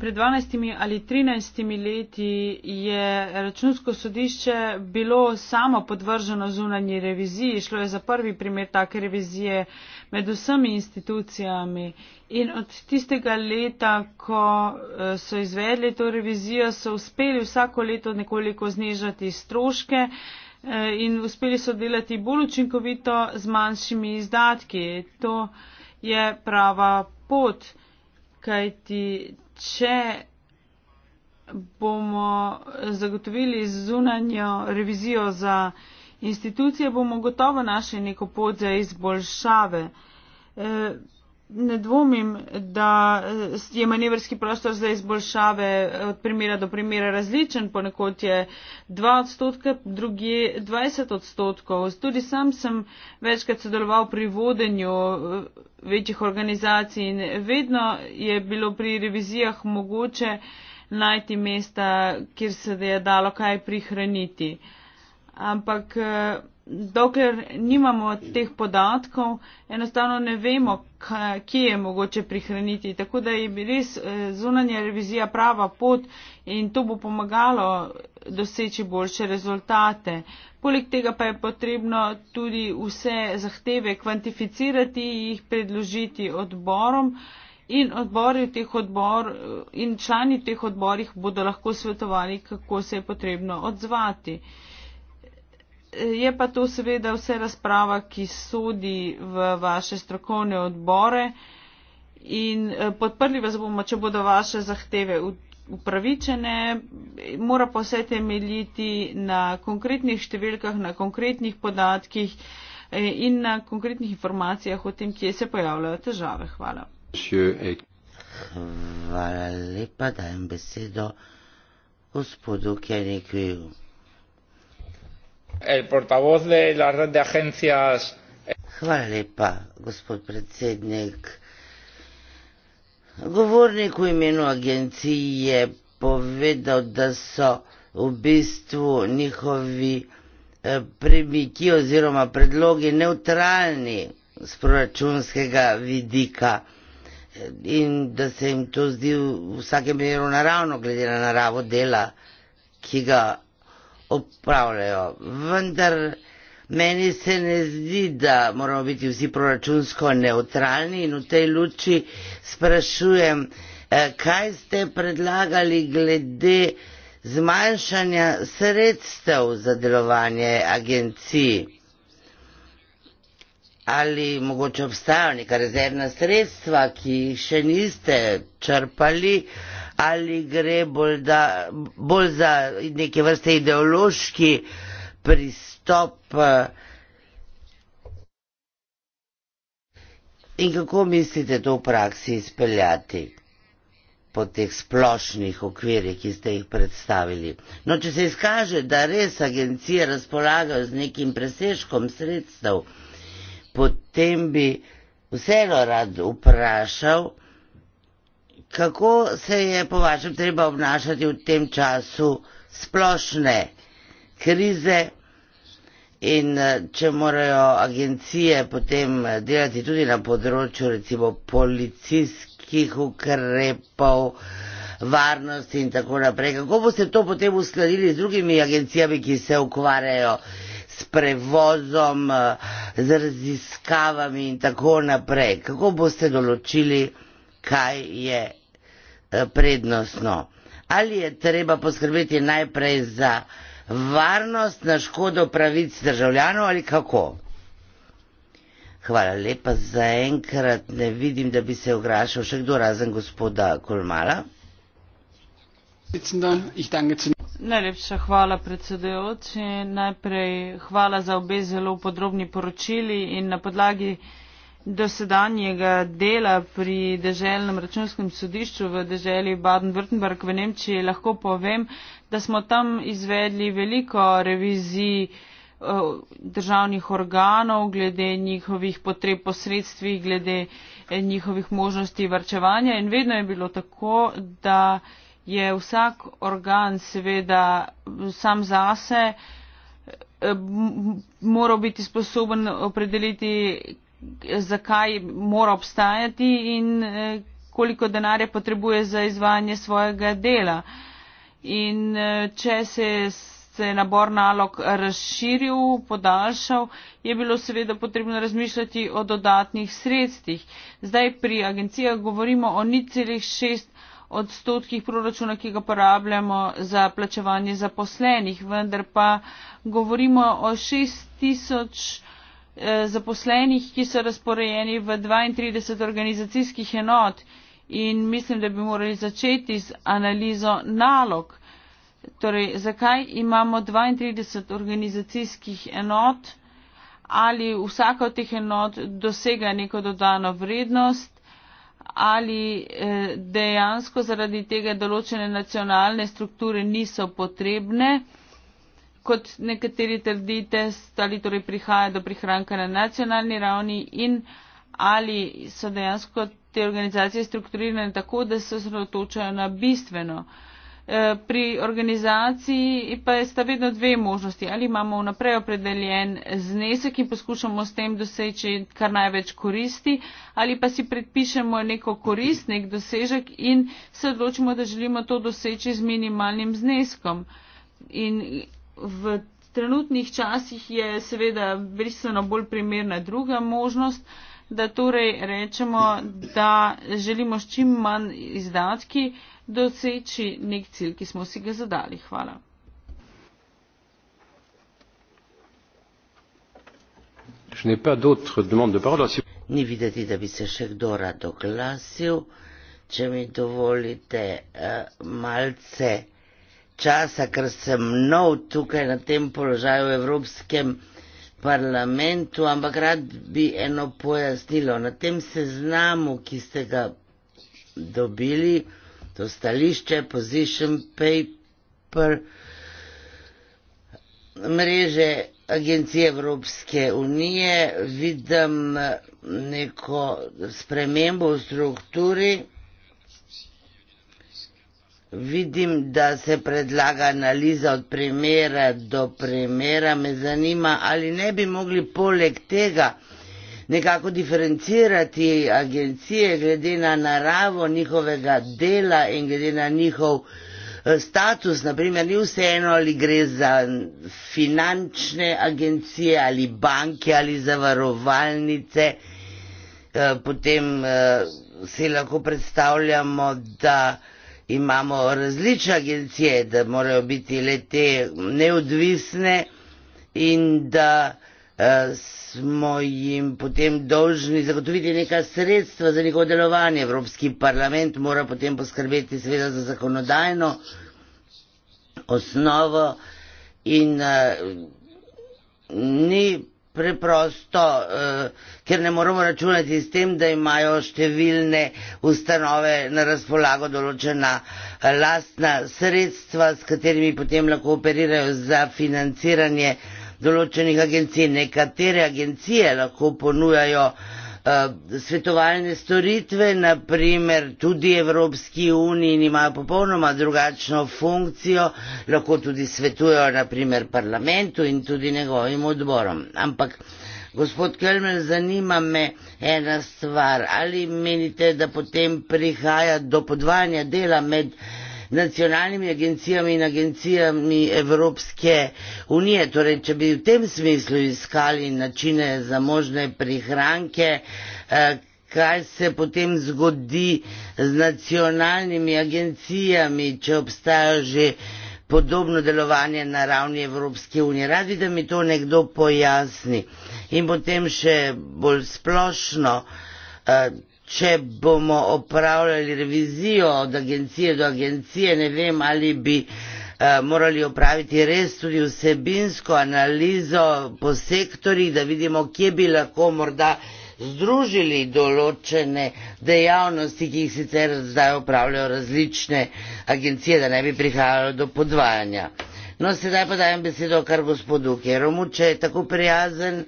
Pred 12 ali 13 leti je računsko sodišče bilo samo podvrženo zunanji reviziji, šlo je za prvi primer take revizije med vsemi institucijami. In od tistega leta, ko eh, so izvedli to revizijo, so uspeli vsako leto nekoliko znižati stroške eh, in uspeli so delati bolj učinkovito z manjšimi izdatki. To je prava pot, kaj ti, če bomo zagotovili zunanjo revizijo za institucije, bomo gotovo našli neko pot za izboljšave. E, ne dvomim, da eh, je manevrski prostor za izboljšave eh, od primera do primera različen, ponekod je 2 odstotka, drugi 20 odstotkov. Tudi sam sem večkrat sodeloval pri vodenju eh, večjih organizacij in vedno je bilo pri revizijah mogoče najti mesta, kjer se je dalo kaj prihraniti. Ampak dokler nimamo teh podatkov, enostavno ne vemo, kje je mogoče prihraniti. Tako da je res eh, zunanja revizija prava pot in to bo pomagalo doseči boljše rezultate. Poleg tega pa je potrebno tudi vse zahteve kvantificirati, jih predložiti odborom. In, teh odbor, eh, in člani teh odborih bodo lahko svetovali, kako se je potrebno odzvati. Uh, je pa to seveda vse razprava, ki sodi v vaše strokovne odbore in eh, podprli vas bomo, če bodo vaše zahteve upravičene, mora pa vse temeljiti na konkretnih številkah, na konkretnih podatkih eh, in na konkretnih informacijah o tem, kje se pojavljajo težave. Hvala. Hvala lepa, dajem besedo gospodu Kenikviju el portavoz de la red de agencias. Hvala lepa, gospod predsednik. Govornik v imenu agencije je povedal, da so v bistvu njihovi eh, premiki oziroma predlogi neutralni z proračunskega vidika in da se jim to zdi v vsakem primeru naravno, glede na naravo dela, ki ga upravljajo. Vendar meni se ne zdi, da moramo biti vsi proračunsko neutralni in v tej luči sprašujem, eh, kaj ste predlagali glede zmanjšanja sredstev za delovanje agenciji. Ali mogoče obstajajo neka rezervna sredstva, ki jih še niste črpali? ali gre bolj, da, bolj za neke vrste ideološki pristop eh, in kako mislite to v praksi izpeljati po teh splošnih okvirih, ki ste jih predstavili. No, če se izkaže, da res agencije razpolagajo z nekim preseškom sredstev, potem bi vseeno rad vprašal, kako se je po vašem treba obnašati v tem času splošne krize in eh, če morajo agencije potem eh, delati tudi na področju recimo policijskih ukrepov, varnosti in tako naprej. Kako boste to potem uskladili z drugimi agencijami, ki se ukvarjajo s prevozom, eh, z raziskavami in tako naprej? Kako boste določili, kaj je Eh, prednostno. Ali je treba poskrbeti najprej za varnost na škodo pravic državljanov ali kako? Hvala lepa za enkrat. Ne vidim, da bi se ograšal še kdo razen gospoda Kolmala. Najlepša hvala predsedujoči. Najprej hvala za obe zelo podrobni poročili in na podlagi dosedanjega dela pri deželnem računskem sodišču v deželi Baden-Württemberg v Nemčiji lahko povem, da smo tam izvedli veliko revizij eh, državnih organov, glede njihovih potreb po sredstvih, glede eh, njihovih možnosti varčevanja in vedno je bilo tako, da je vsak organ seveda sam zase eh, moral biti sposoben opredeliti, zakaj mora obstajati in eh, koliko denarja potrebuje za izvajanje svojega dela. In eh, če se je nabor nalog razširil, podaljšal, je bilo seveda potrebno razmišljati o dodatnih sredstih. Zdaj pri agencijah govorimo o 0,6 odstotkih proračuna, ki ga porabljamo za plačevanje zaposlenih, vendar pa govorimo o 6 tisoč Eh, zaposlenih, ki so razporejeni v 32 organizacijskih enot in mislim, da bi morali začeti z analizo nalog. Torej, zakaj imamo 32 organizacijskih enot, ali vsaka od teh enot dosega neko dodano vrednost, ali eh, dejansko zaradi tega določene nacionalne strukture niso potrebne kot nekateri trdite, ali torej prihaja do prihranka na nacionalni ravni in ali so dejansko te organizacije strukturirane tako, da se osredotočajo na bistveno. E, pri organizaciji pa sta vedno dve možnosti. Ali imamo vnaprej opredeljen znesek in poskušamo s tem doseči kar največ koristi, ali pa si predpišemo neko korist, nek dosežek in se odločimo, da želimo to doseči z minimalnim zneskom. In v trenutnih časih je seveda bistveno bolj primerna druga možnost, da torej rečemo, da želimo s čim manj izdatki doseči nek cilj, ki smo si ga zadali. Hvala. Ni videti, da bi se še kdo rad oglasil, če mi dovolite uh, malce časa, ker sem nov tukaj na tem položaju v Evropskem parlamentu, ampak rad bi eno pojasnilo. Na tem seznamu, ki ste ga dobili, to stališče, position paper, mreže Agencije Evropske unije, vidim neko spremembo v strukturi, vidim, da se predlaga analiza od primera do primera, me zanima, ali ne bi mogli poleg tega nekako diferencirati agencije glede na naravo njihovega dela in glede na njihov eh, status, naprimer, ni vseeno, ali gre za finančne agencije ali banke ali zavarovalnice, eh, potem eh, si lahko predstavljamo, da imamo različne agencije, da morajo biti le te neodvisne in da eh, smo jim potem dolžni zagotoviti neka sredstva za njihovo delovanje. Evropski parlament mora potem poskrbeti seveda za zakonodajno osnovo in uh, ni preprosto, uh, eh, ker ne moramo računati s tem, da imajo številne ustanove na razpolago določena eh, lastna sredstva, s katerimi potem lahko operirajo za financiranje določenih agencij. Nekatere agencije lahko ponujajo uh, Eh, svetovalne storitve, naprimer tudi Evropski uniji imajo popolnoma drugačno funkcijo, lahko tudi svetujo naprimer parlamentu in tudi njegovim odborom. Ampak gospod Kelmel, zanima me ena stvar, ali menite, da potem prihaja do podvajanja dela med nacionalnimi agencijami in agencijami Evropske unije. Torej, če bi v tem smislu iskali načine za možne prihranke, eh, kaj se potem zgodi z nacionalnimi agencijami, če obstajajo že podobno delovanje na ravni Evropske unije. Rad bi, da mi to nekdo pojasni. In potem še bolj splošno, eh, če bomo opravljali revizijo od agencije do agencije, ne vem, ali bi eh, morali opraviti res tudi vsebinsko analizo po sektorjih, da vidimo, kje bi lahko morda združili določene dejavnosti, ki jih sicer zdaj upravljajo različne agencije, da ne bi prihajalo do podvajanja. No, sedaj pa dajem besedo kar gospodu Keromu, če je tako prijazen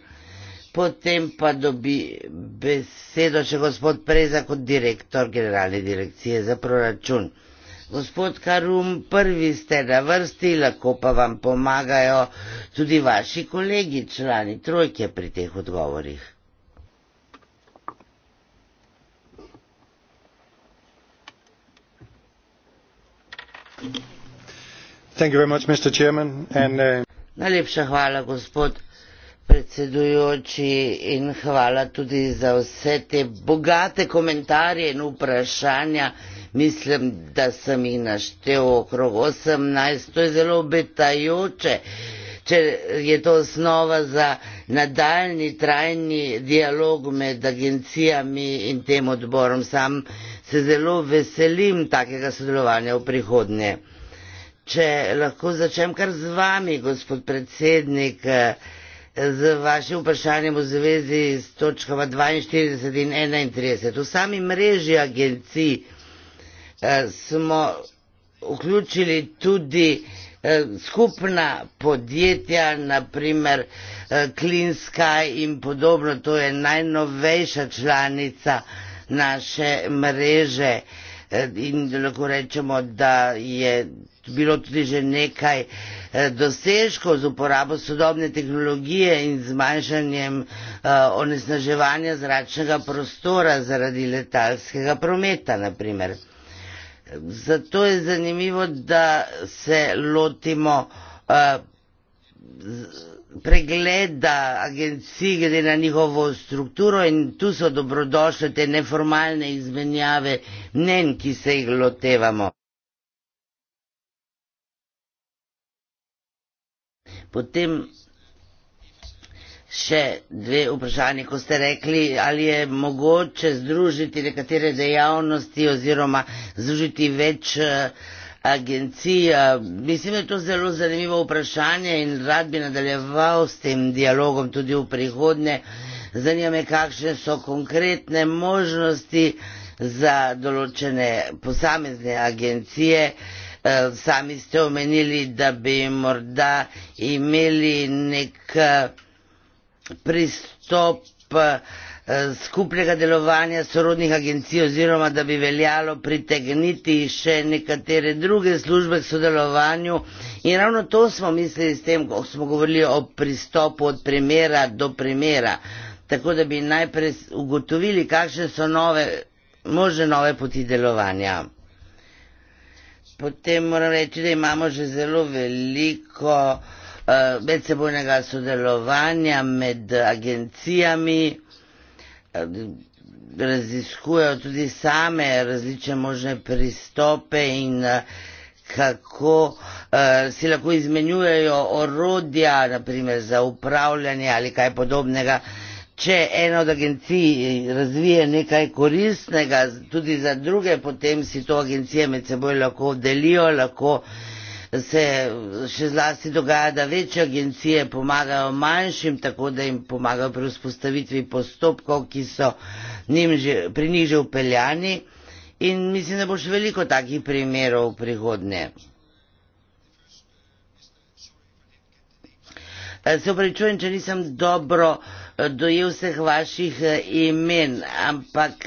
potem pa dobi besedo še gospod Preza kot direktor generalne direkcije za proračun. Gospod Karum, prvi ste na vrsti, lahko pa vam pomagajo tudi vaši kolegi, člani trojke pri teh odgovorih. Uh, Najlepša hvala, gospod predsedujoči in hvala tudi za vse te bogate komentarje in vprašanja. Mislim, da sem jih naštel okrog 18, to je zelo obetajoče, če je to osnova za nadaljni trajni dialog med agencijami in tem odborom. Sam se zelo veselim takega sodelovanja v prihodnje. Če lahko začnem kar z vami, gospod predsednik, z vašim vprašanjem v zvezi s točkama 42 in 31. V sami mreži agencij eh, smo vključili tudi eh, skupna podjetja, naprimer eh, Clean Sky in podobno, to je najnovejša članica naše mreže. E, in lahko rečemo, da je bilo tudi že nekaj e, dosežkov z uporabo sodobne tehnologije in zmanjšanjem e, onesnaževanja zračnega prostora zaradi letalskega prometa, naprimer. Zato je zanimivo, da se lotimo pregleda agencij glede na njihovo strukturo in tu so dobrodošle te neformalne izmenjave mnen, ki se jih lotevamo. Potem še dve vprašanje, ko ste rekli, ali je mogoče združiti nekatere dejavnosti oziroma združiti več uh, agencij. Mislim, da je to zelo zanimivo vprašanje in rad bi nadaljeval s tem dialogom tudi v prihodnje. Zanima me, kakšne so konkretne možnosti za določene posamezne agencije. Eh, sami ste omenili, da bi morda imeli nek eh, pristop. Eh, Eh, skupnega delovanja sorodnih agencij oziroma da bi veljalo pritegniti še nekatere druge službe k sodelovanju. In ravno to smo mislili s tem, ko smo govorili o pristopu od primera do primera. Tako da bi najprej ugotovili, kakšne so nove, možne nove poti delovanja. Potem moram reči, da imamo že zelo veliko uh, medsebojnega sodelovanja med agencijami, Eh, raziskujejo tudi same različne možne pristope in eh, kako uh, si lahko izmenjujejo orodja, naprimer za upravljanje ali kaj podobnega. Če ena od agencij razvije nekaj koristnega tudi za druge, potem si to agencije med seboj lahko delijo, lahko uh, se še zlasti dogaja, da večje agencije pomagajo manjšim, tako da jim pomagajo pri vzpostavitvi postopkov, ki so že, pri njih že upeljani. In mislim, da bo še veliko takih primerov v prihodnje. E, se upravičujem, če nisem dobro e, dojel vseh vaših e, imen, ampak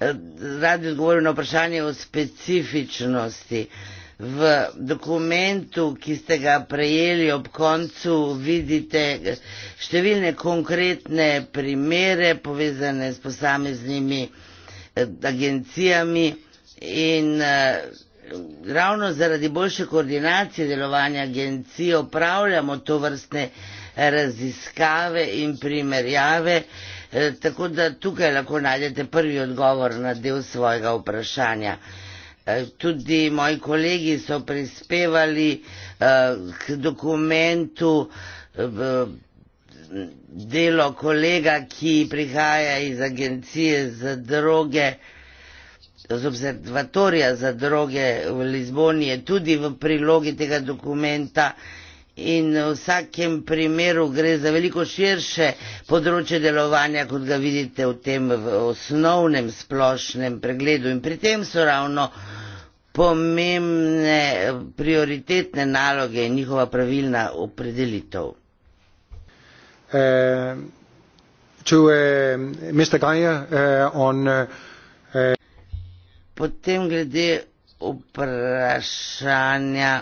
rad bi odgovoril na vprašanje o specifičnosti v dokumentu, ki ste ga prejeli ob koncu, vidite številne konkretne primere povezane s posameznimi eh, agencijami in eh, ravno zaradi boljše koordinacije delovanja agencij opravljamo to vrstne raziskave in primerjave, eh, tako da tukaj lahko najdete prvi odgovor na del svojega vprašanja. Eh, tudi moji kolegi so prispevali eh, k dokumentu eh, delo kolega, ki prihaja iz agencije za droge, z observatorija za droge v Lizboni, je tudi v prilogi tega dokumenta in v vsakem primeru gre za veliko širše področje delovanja, kot ga vidite v tem v osnovnem splošnem pregledu. In pri tem so ravno pomembne prioritetne naloge in njihova pravilna opredelitev. Uh, to, uh, eh, Mr. Geyer, uh, on, uh, Potem glede vprašanja.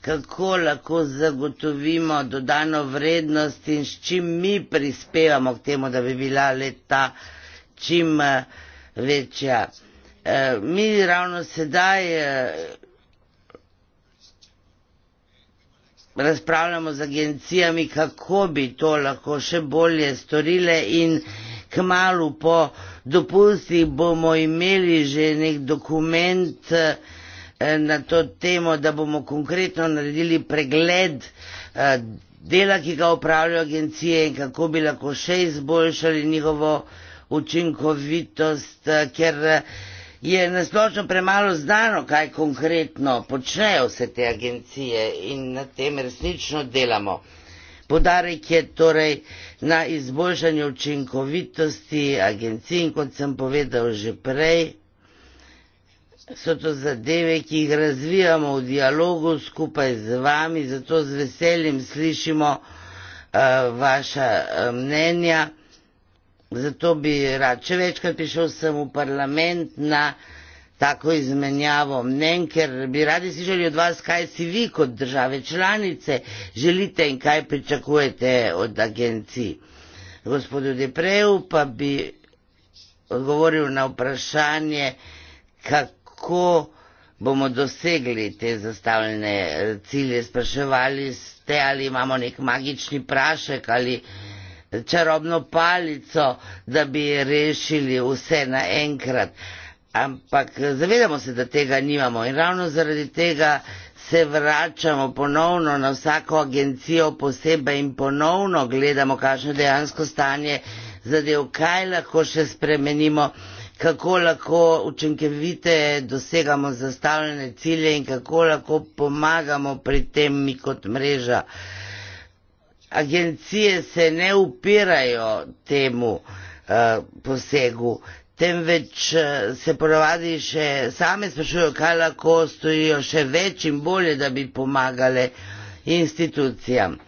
kako lahko zagotovimo dodano vrednost in s čim mi prispevamo k temu, da bi bila leta čim eh, večja. Eh, mi ravno sedaj eh, razpravljamo z agencijami, kako bi to lahko še bolje storile in k malu po dopustih bomo imeli že nek dokument, na to temo, da bomo konkretno naredili pregled eh, dela, ki ga upravljajo agencije in kako bi lahko še izboljšali njihovo učinkovitost, eh, ker eh, je nasplošno premalo znano, kaj konkretno počnejo vse te agencije in na tem resnično delamo. Podarek je torej na izboljšanje učinkovitosti agencij in kot sem povedal že prej, so to zadeve, ki jih razvijamo v dialogu skupaj z vami, zato z veseljem slišimo uh, vaša uh, mnenja. Zato bi rad če večkrat prišel sem v parlament na tako izmenjavo mnen, ker bi radi slišali od vas, kaj si vi kot države članice želite in kaj pričakujete od agencij. Gospodu Depreju pa bi odgovoril na vprašanje, kako kako bomo dosegli te zastavljene eh, cilje. Spraševali ste, ali imamo nek magični prašek ali eh, čarobno palico, da bi rešili vse naenkrat. Ampak eh, zavedamo se, da tega nimamo in ravno zaradi tega se vračamo ponovno na vsako agencijo posebej in ponovno gledamo, kakšno dejansko stanje zadev, kaj lahko še spremenimo kako lahko učinkovite dosegamo zastavljene cilje in kako lahko pomagamo pri tem mi kot mreža. Agencije se ne upirajo temu uh, posegu, temveč uh, se ponovadi še same sprašujejo, kaj lahko stojijo še več in bolje, da bi pomagale institucijam.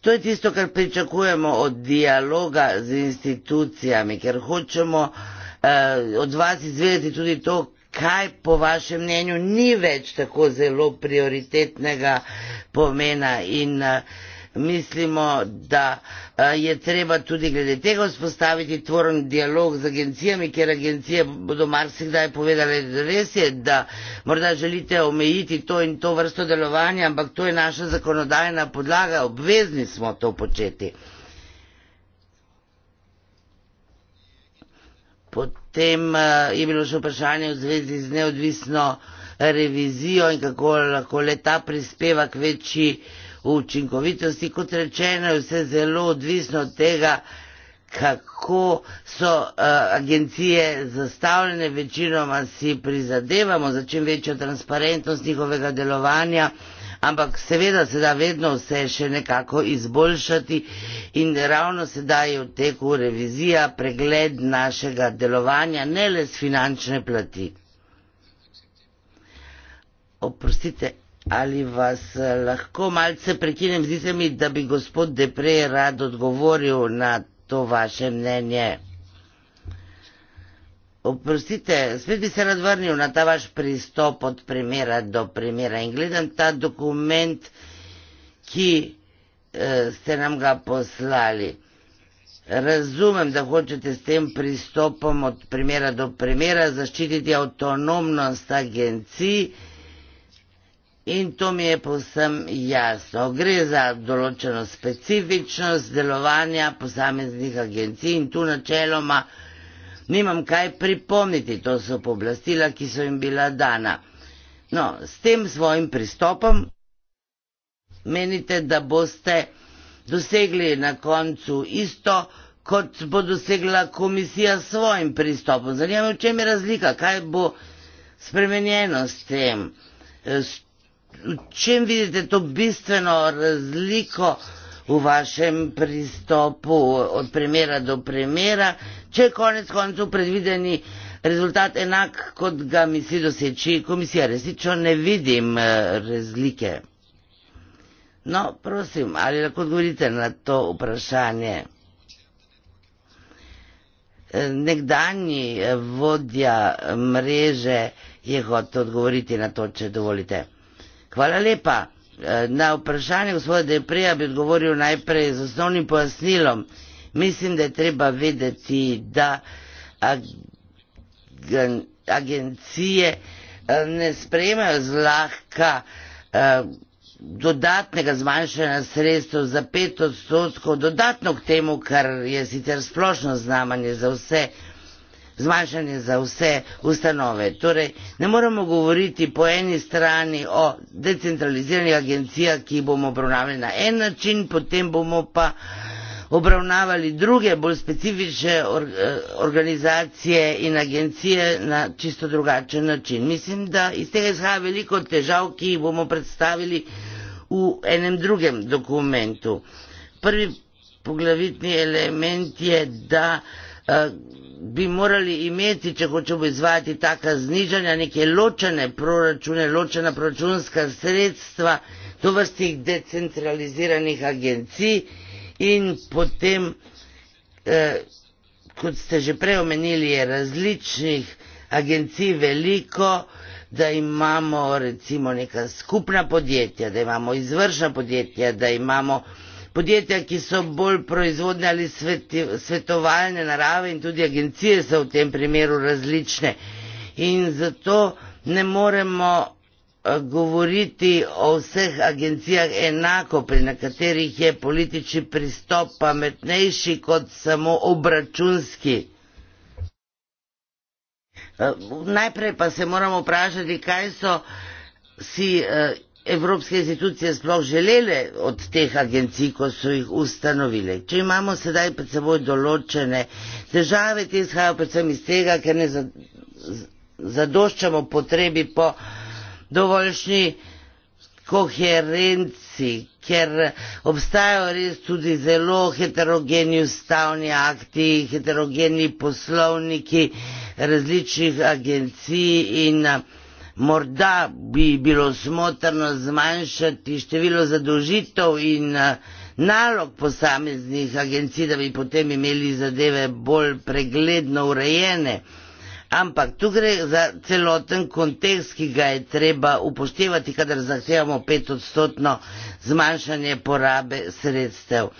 To je tisto, kar pričakujemo od dialoga z institucijami, ker hočemo uh, uh, od vas izvedeti tudi to, kaj po vašem mnenju ni več tako zelo prioritetnega pomena in uh, Mislimo, da eh, je treba tudi glede tega vzpostaviti tvoren dialog z agencijami, ker agencije bodo marsikdaj povedali, da res je, da morda želite omejiti to in to vrsto delovanja, ampak to je naša zakonodajna podlaga, obvezni smo to početi. Potem uh, je bilo še vprašanje v zvezi z neodvisno revizijo in kako lahko leta prispeva k večji učinkovitosti. Kot rečeno, je vse zelo odvisno od tega, kako so uh, agencije zastavljene. Večinoma si prizadevamo za čim večjo transparentnost njihovega delovanja ampak seveda se da vedno vse še nekako izboljšati in ravno sedaj je v teku revizija, pregled našega delovanja, ne le z finančne plati. Oprostite, ali vas eh, lahko malce prekinem, zdi se mi, da bi gospod Depre rad odgovoril na to vaše mnenje. Oprostite, spet bi se rad vrnil na ta vaš pristop od primera do primera in gledam ta dokument, ki e, ste nam ga poslali. Razumem, da hočete s tem pristopom od primera do primera zaščititi avtonomnost agencij in to mi je povsem jasno. Gre za določeno specifičnost delovanja posameznih agencij in tu načeloma nimam kaj pripomniti, to so pooblastila, ki so jim bila dana. No, s tem svojim pristopom menite, da boste dosegli na koncu isto, kot bo dosegla komisija s svojim pristopom. Zanima me, v čem je razlika, kaj bo spremenjeno s tem. E, s čem vidite to bistveno razliko? v vašem pristopu od premjera do premjera, če je konec koncev predvideni rezultat enak, kot ga misli doseči komisija. Resnično ne vidim eh, razlike. No, prosim, ali lahko odgovorite na to vprašanje? Eh, nekdanji eh, vodja mreže je hotel odgovoriti na to, če dovolite. Hvala lepa. Eh, na vprašanje gospoda Depreja bi odgovoril najprej z osnovnim pojasnilom. Mislim, da je treba vedeti, da ag agencije eh, ne sprejemajo zlahka eh, dodatnega zmanjšanja sredstev za pet odstotkov, dodatno k temu, kar je sicer splošno znamanje za vse zmanjšanje za vse ustanove. Torej, ne moramo govoriti po eni strani o decentraliziranih agencijah, ki jih bomo obravnavali na en način, potem bomo pa obravnavali druge, bolj specifične or, eh, organizacije in agencije na čisto drugačen način. Mislim, da iz tega izhaja veliko težav, ki jih bomo predstavili v enem drugem dokumentu. Prvi poglavitni element je, da eh, bi morali imeti, če hočemo izvajati taka znižanja, neke ločene proračune, ločena proračunska sredstva, to vrstih decentraliziranih agencij in potem, eh, kot ste že prej omenili, je različnih agencij veliko, da imamo recimo neka skupna podjetja, da imamo izvršna podjetja, da imamo podjetja, ki so bolj proizvodne ali sveti, svetovalne narave in tudi agencije so v tem primeru različne. In zato ne moremo eh, govoriti o vseh agencijah enako, pri nekaterih je politični pristop pametnejši kot samo obračunski. Eh, najprej pa se moramo vprašati, kaj so si eh, evropske institucije sploh želele od teh agencij, ko so jih ustanovile. Če imamo sedaj pred seboj določene težave, ki izhajajo predvsem iz tega, ker ne zadoščamo potrebi po dovoljšnji koherenci, ker obstajajo res tudi zelo heterogeni ustavni akti, heterogeni poslovniki različnih agencij in morda bi bilo smotrno zmanjšati število zadožitev in eh, nalog posameznih agencij, da bi potem imeli zadeve bolj pregledno urejene. Ampak tu gre za celoten kontekst, ki ga je treba upoštevati, kadar zahtevamo petodstotno zmanjšanje porabe sredstev.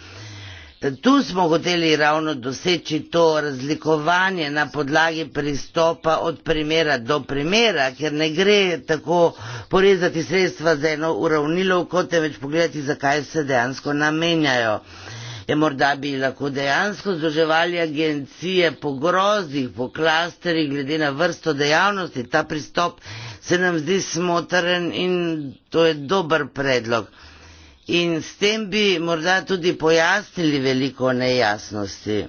Tu smo hoteli ravno doseči to razlikovanje na podlagi pristopa od primera do primera, ker ne gre tako porezati sredstva za eno uravnilo, kot temveč pogledati, zakaj se dejansko namenjajo. Je ja, morda bi lahko dejansko združevali agencije po grozih, po klasterih, glede na vrsto dejavnosti. Ta pristop se nam zdi smotren in to je dober predlog in s tem bi morda tudi pojasnili veliko nejasnosti.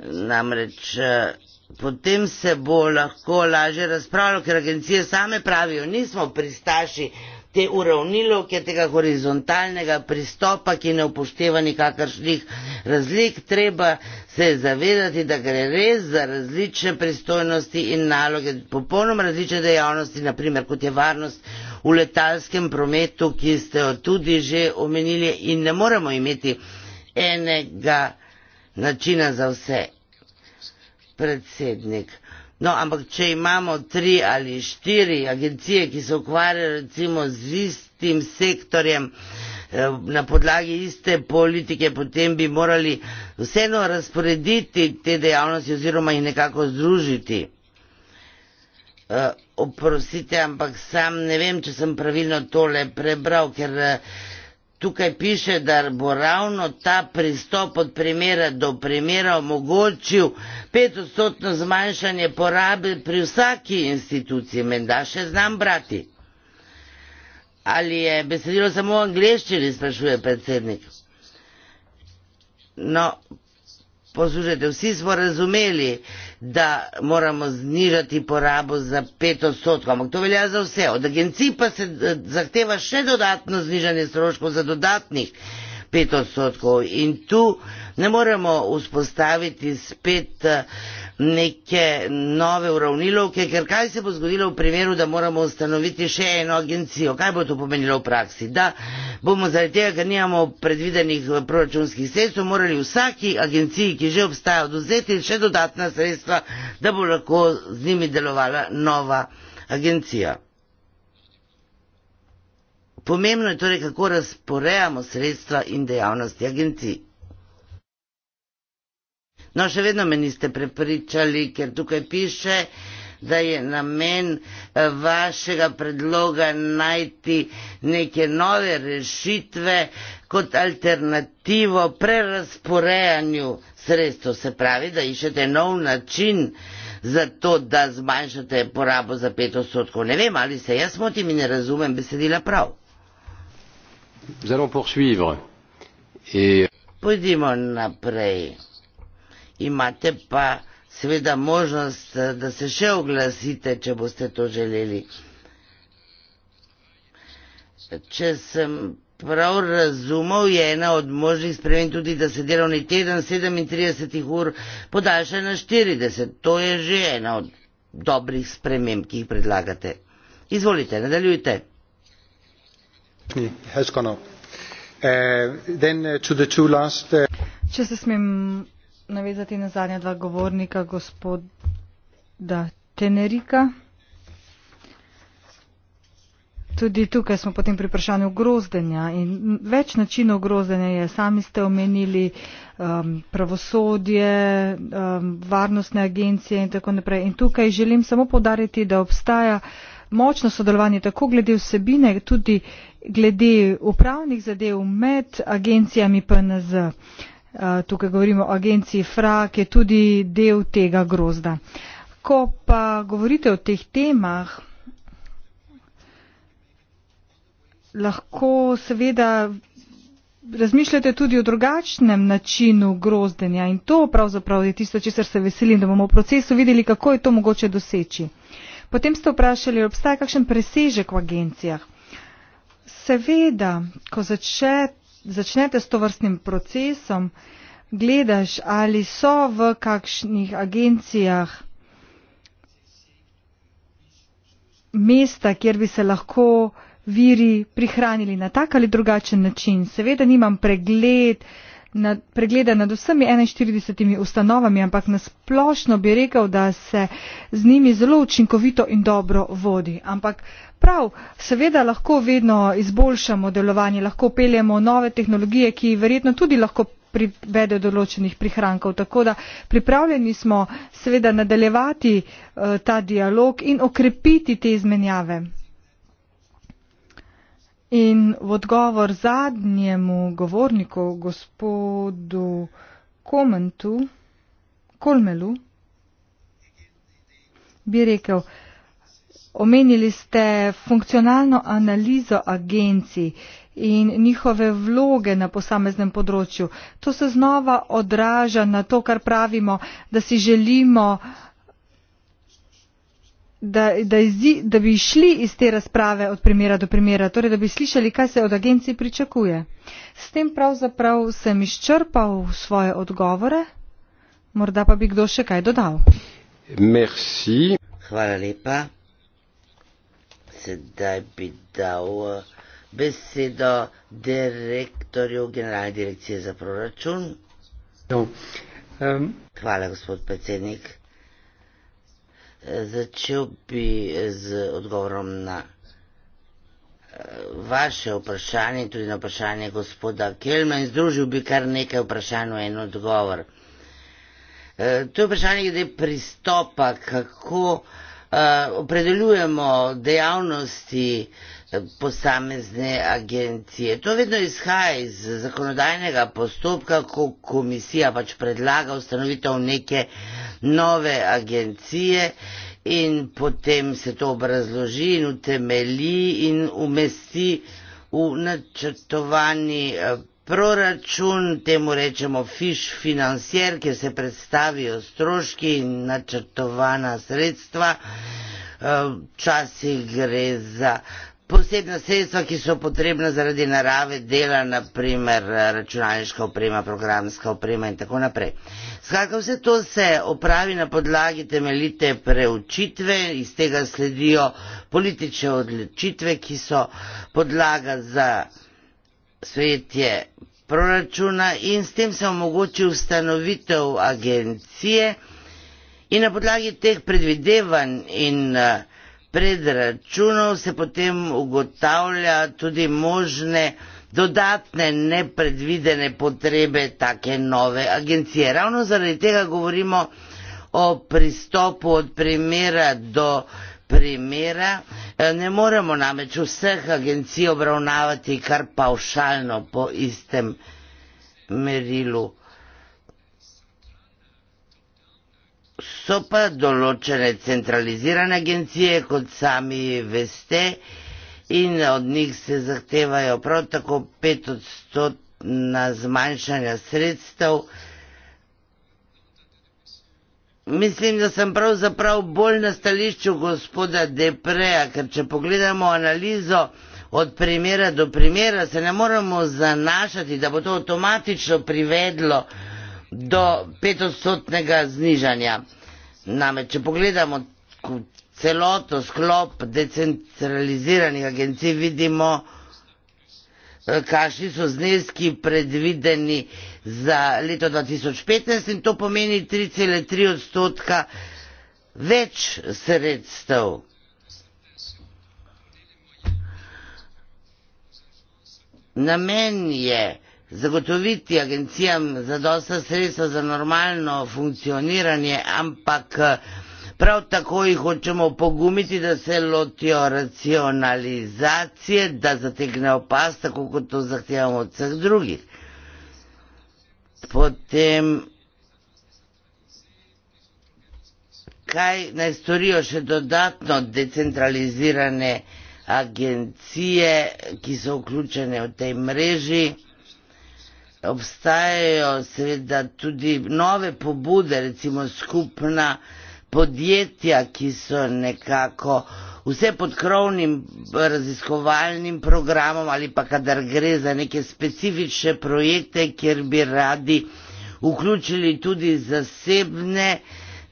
Namreč eh, potem se bo lahko lažje razpravljalo, ker agencije same pravijo, nismo pristaši te uravnilovke, tega horizontalnega pristopa, ki ne upošteva nikakršnih razlik, treba se zavedati, da gre res za različne pristojnosti in naloge, popolnoma različne dejavnosti, naprimer kot je varnost v letalskem prometu, ki ste jo tudi že omenili, in ne moremo imeti enega načina za vse, predsednik. No, ampak če imamo tri ali štiri agencije, ki se ukvarjajo recimo z istim sektorjem eh, na podlagi iste politike, potem bi morali vseeno razporediti te dejavnosti oziroma jih nekako združiti. Eh, oprostite, ampak sam ne vem, če sem pravilno tole prebral, ker eh, tukaj piše, da bo ravno ta pristop od primera do primera omogočil petodstotno zmanjšanje porabe pri vsaki instituciji, menda še znam brati. Ali je besedilo samo v angleščini, sprašuje predsednik. No, poslušajte, vsi smo razumeli, da moramo znižati porabo za pet odstotkov, ampak to velja za vse. Od agencij pa se eh, zahteva še dodatno znižanje stroškov za dodatnih pet odstotkov in tu ne moremo vzpostaviti spet eh, neke nove uravnilovke, ker kaj se bo zgodilo v primeru, da moramo ustanoviti še eno agencijo, kaj bo to pomenilo v praksi, da bomo zaradi tega, ker nimamo predvidenih eh, proračunskih sredstev, morali vsaki agenciji, ki že obstaja, oduzeti še dodatna sredstva, da bo lahko z njimi delovala nova agencija. Pomembno je torej, kako razporejamo sredstva in dejavnosti agencij. No, še vedno me niste prepričali, ker tukaj piše, da je namen eh, vašega predloga najti neke nove rešitve kot alternativo prerasporejanju sredstev. Se pravi, da iščete nov način za to, da zmanjšate porabo za pet odstotkov. Ne vem, ali se jaz motim in ne razumem besedila prav. Nous allons poursuivre. Et... Pojdimo naprej. Imate pa seveda možnost, da se še oglasite, če boste to želeli. Če sem prav razumel, je ena od možnih sprememb tudi, da se delovni teden 37 ur podaljša na 40. To je že ena od dobrih sprememb, ki jih predlagate. Izvolite, nadaljujte. Uh, uh, uh, če se smem navezati na zadnja dva govornika gospoda tenerika tudi tukaj smo potem pri vprašanju grozdenja in več načinov grozdenja je sami ste omenili um, pravosodje um, varnostne agencije in tako naprej in tukaj želim samo podariti da obstaja uh, močno sodelovanje tako glede vsebine, tudi glede upravnih zadev med agencijami PNZ. Eh, tukaj govorimo o agenciji FRA, ki je tudi del tega grozda. Ko pa govorite o teh temah, lahko seveda razmišljate tudi o drugačnem načinu grozdenja in to pravzaprav je tisto, če se veselim, da bomo v procesu videli, kako je to mogoče doseči. Potem ste vprašali, obstaja kakšen presežek v agencijah. Seveda, ko začne, začnete s to vrstnim procesom, gledaš, ali so v kakšnih agencijah mesta, kjer bi se lahko viri prihranili na tak ali drugačen način. Seveda nimam pregled, nad, preglede nad vsemi 41 ustanovami, ampak nasplošno bi rekel, da se z njimi zelo učinkovito in dobro vodi. Ampak prav, seveda lahko vedno izboljšamo delovanje, lahko peljemo nove tehnologije, ki verjetno tudi lahko privede določenih prihrankov. Tako da pripravljeni smo seveda nadaljevati uh, ta dialog in okrepiti te izmenjave. In v odgovor zadnjemu govorniku, gospodu Komentu, Kolmelu, bi rekel, omenili ste funkcionalno analizo agencij in njihove vloge na posameznem področju. To se znova odraža na to, kar pravimo, da si želimo da, da, izi, da bi šli iz te razprave od primera do primera, torej da bi slišali, kaj se od agencij pričakuje. S tem pravzaprav sem izčrpal svoje odgovore, morda pa bi kdo še kaj dodal. Merci. Hvala lepa. Sedaj bi dal eh, besedo direktorju Generalne direkcije za proračun. No. Um. Hvala, gospod predsednik začel bi z odgovorom na eh, vaše vprašanje, tudi na vprašanje gospoda Kelma in združil bi kar nekaj vprašanj v en odgovor. Eh, to je vprašanje glede pristopa, kako eh, opredeljujemo dejavnosti, posamezne agencije. To vedno izhaja iz zakonodajnega postopka, ko komisija pač predlaga ustanovitev neke nove agencije in potem se to obrazloži in utemeli in umesti v načrtovani eh, proračun, temu rečemo fiš financier, kjer se predstavijo stroški in načrtovana sredstva. Eh, včasih gre za posebna sredstva, ki so potrebna zaradi narave dela, naprimer eh, računalniška oprema, programska oprema in tako naprej. Skratka, vse to se opravi na podlagi temeljite preučitve, iz tega sledijo politične odločitve, ki so podlaga za svetje proračuna in s tem se omogoči ustanovitev agencije in na podlagi teh predvidevanj in uh, pred računom se potem ugotavlja tudi možne dodatne nepredvidene potrebe take nove agencije. Ravno zaradi tega govorimo o pristopu od primera do primera. E, ne moremo namreč vseh agencij obravnavati kar pavšalno po istem merilu. so pa določene centralizirane agencije, kot sami veste, in od njih se zahtevajo prav tako pet odstotna zmanjšanja sredstev. Mislim, da sem pravzaprav bolj na stališču gospoda Depreja, ker če pogledamo analizo od primera do primera, se ne moremo zanašati, da bo to avtomatično privedlo do petodstotnega znižanja. Namreč, če pogledamo celoto sklop decentraliziranih agencij, vidimo, eh, kakšni so zneski predvideni za leto 2015 in to pomeni 3,3 odstotka več sredstev. Namen je, zagotoviti agencijam zadosta sredstva za normalno funkcioniranje, ampak eh, prav tako jih hočemo pogumiti, da se lotijo racionalizacije, da zategnejo pas, tako kot to zahtevamo od vseh drugih. Potem, kaj naj storijo še dodatno decentralizirane agencije, ki so vključene v tej mreži? obstajajo seveda tudi nove pobude, recimo skupna podjetja, ki so nekako vse pod krovnim raziskovalnim programom ali pa kadar gre za neke specifične projekte, kjer bi radi vključili tudi zasebne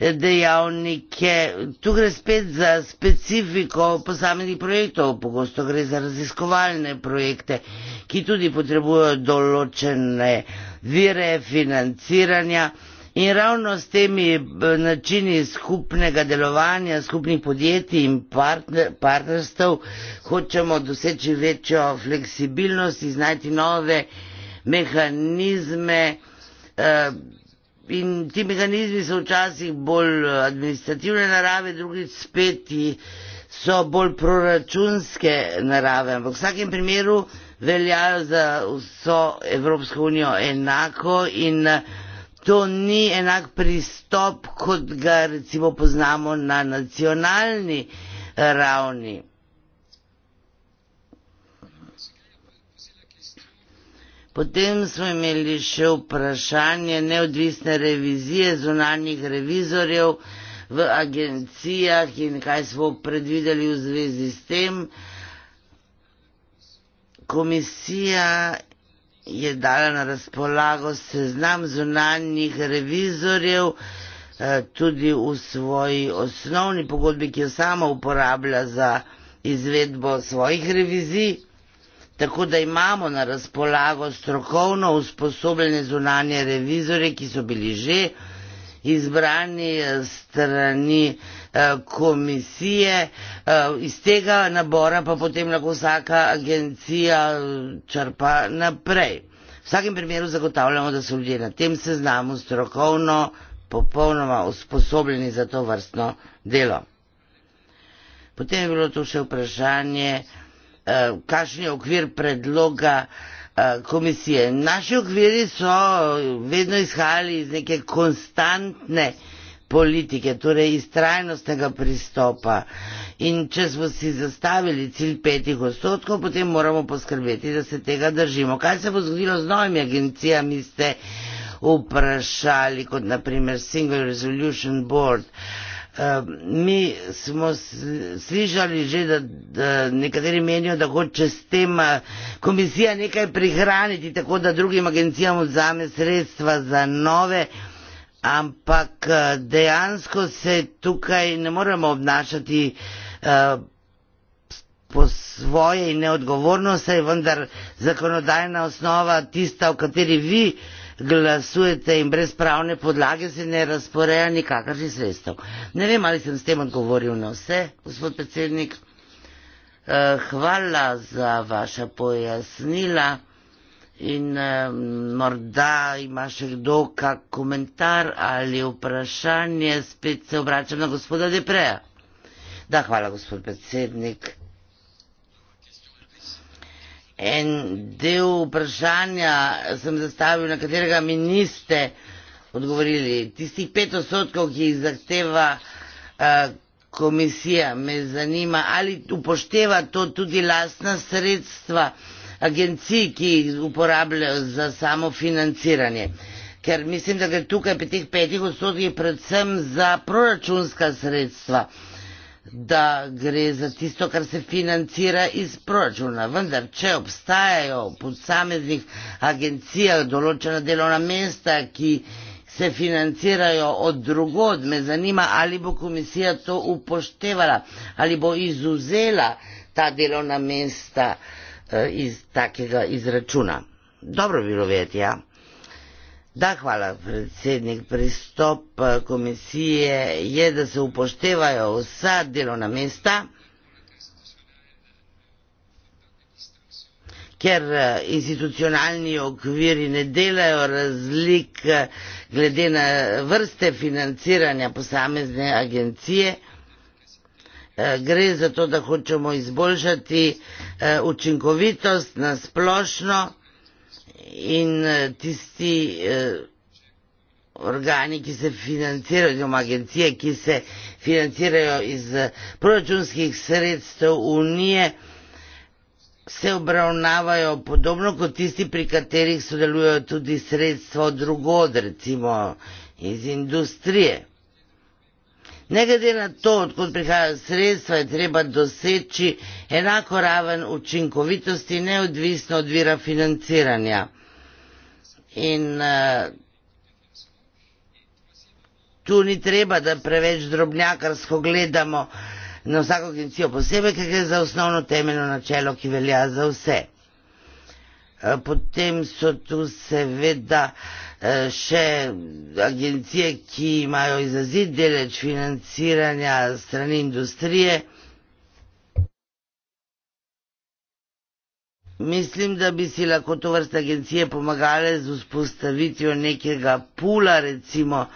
dejavnike. Tu gre spet za specifiko posameznih projektov, pogosto gre za raziskovalne projekte, ki tudi potrebujejo določene vire financiranja. In ravno s temi eh, načini skupnega delovanja, skupnih podjetij in partner, partnerstv hočemo doseči večjo fleksibilnost, iznajti nove mehanizme, eh, In ti mehanizmi so včasih bolj eh, administrativne narave, drugi spet so bolj proračunske narave, ampak v vsakem primeru veljajo za vso Evropsko unijo enako in eh, to ni enak pristop, kot ga recimo poznamo na nacionalni eh, ravni. Potem smo imeli še vprašanje neodvisne revizije zunanjih revizorjev v agencijah in kaj smo predvideli v zvezi s tem. Komisija je dala na razpolago seznam zunanjih revizorjev eh, tudi v svoji osnovni pogodbi, ki jo sama uporablja za izvedbo svojih revizij tako da imamo na razpolago strokovno usposobljene zunanje revizore, ki so bili že izbrani eh, strani eh, komisije. Eh, iz tega nabora pa potem lahko vsaka agencija črpa naprej. V vsakem primeru zagotavljamo, da so ljudje na tem seznamu strokovno popolnoma usposobljeni za to vrstno delo. Potem je bilo tu še vprašanje, Eh, kakšen je okvir predloga eh, komisije. Naši okviri so vedno izhajali iz neke konstantne politike, torej iz trajnostnega pristopa. In če smo si zastavili cilj petih odstotkov, potem moramo poskrbeti, da se tega držimo. Kaj se bo zgodilo z novimi agencijami, ste vprašali, kot naprimer Single Resolution Board. Uh, mi smo slišali že, da, da nekateri menijo, da hoče s tem eh, komisija nekaj prihraniti, tako da drugim agencijam vzame sredstva za nove, ampak eh, dejansko se tukaj ne moremo obnašati eh, po svoje in neodgovorno, saj je vendar zakonodajna osnova tista, v kateri vi glasujete in brez pravne podlage se ne razporeja nikakršnih sredstev. Ne vem, ali sem s tem odgovoril na vse, gospod predsednik. Eh, hvala za vaša pojasnila in eh, morda ima še kdo kak komentar ali vprašanje. Spet se obračam na gospoda Depreja. Da, hvala, gospod predsednik en del vprašanja sem zastavil, na katerega mi niste odgovorili. Tistih pet odstotkov, ki jih zahteva uh, komisija, me zanima, ali upošteva to tudi lastna sredstva agencij, ki jih uporabljajo za samo financiranje. Ker mislim, da gre tukaj pri teh petih odstotkih predvsem za proračunska sredstva da gre za tisto, kar se financira iz proračuna. Vendar, če obstajajo v posameznih agencijah določena delovna mesta, ki se financirajo od drugod, me zanima, ali bo komisija to upoštevala, ali bo izuzela ta delovna mesta eh, iz takega izračuna. Dobro bi bilo vedeti, ja. Da, hvala, predsednik. Pristop eh, komisije je, da se upoštevajo vsa delovna mesta, ker eh, institucionalni okviri ne delajo razlik eh, glede na vrste financiranja posamezne agencije. Gre za to, da hočemo izboljšati učinkovitost na splošno in eh, tisti eh, organi, ki se financirajo, oziroma agencije, ki se financirajo iz eh, proračunskih sredstev unije, se obravnavajo podobno kot tisti, pri katerih sodelujejo tudi sredstvo drugod, recimo iz industrije. Ne glede na to, odkud prihajajo sredstva, je treba doseči enako raven učinkovitosti, neodvisno od vira financiranja in uh, tu ni treba, da preveč drobnjakarsko gledamo na vsako agencijo posebej, ker gre za osnovno temeljno načelo, ki velja za vse. Eh, potem so tu seveda eh, še agencije, ki imajo izrazit deleč financiranja strani industrije. Mislim, da bi si lahko to vrste agencije pomagale z vzpostavitvijo nekega pula, recimo,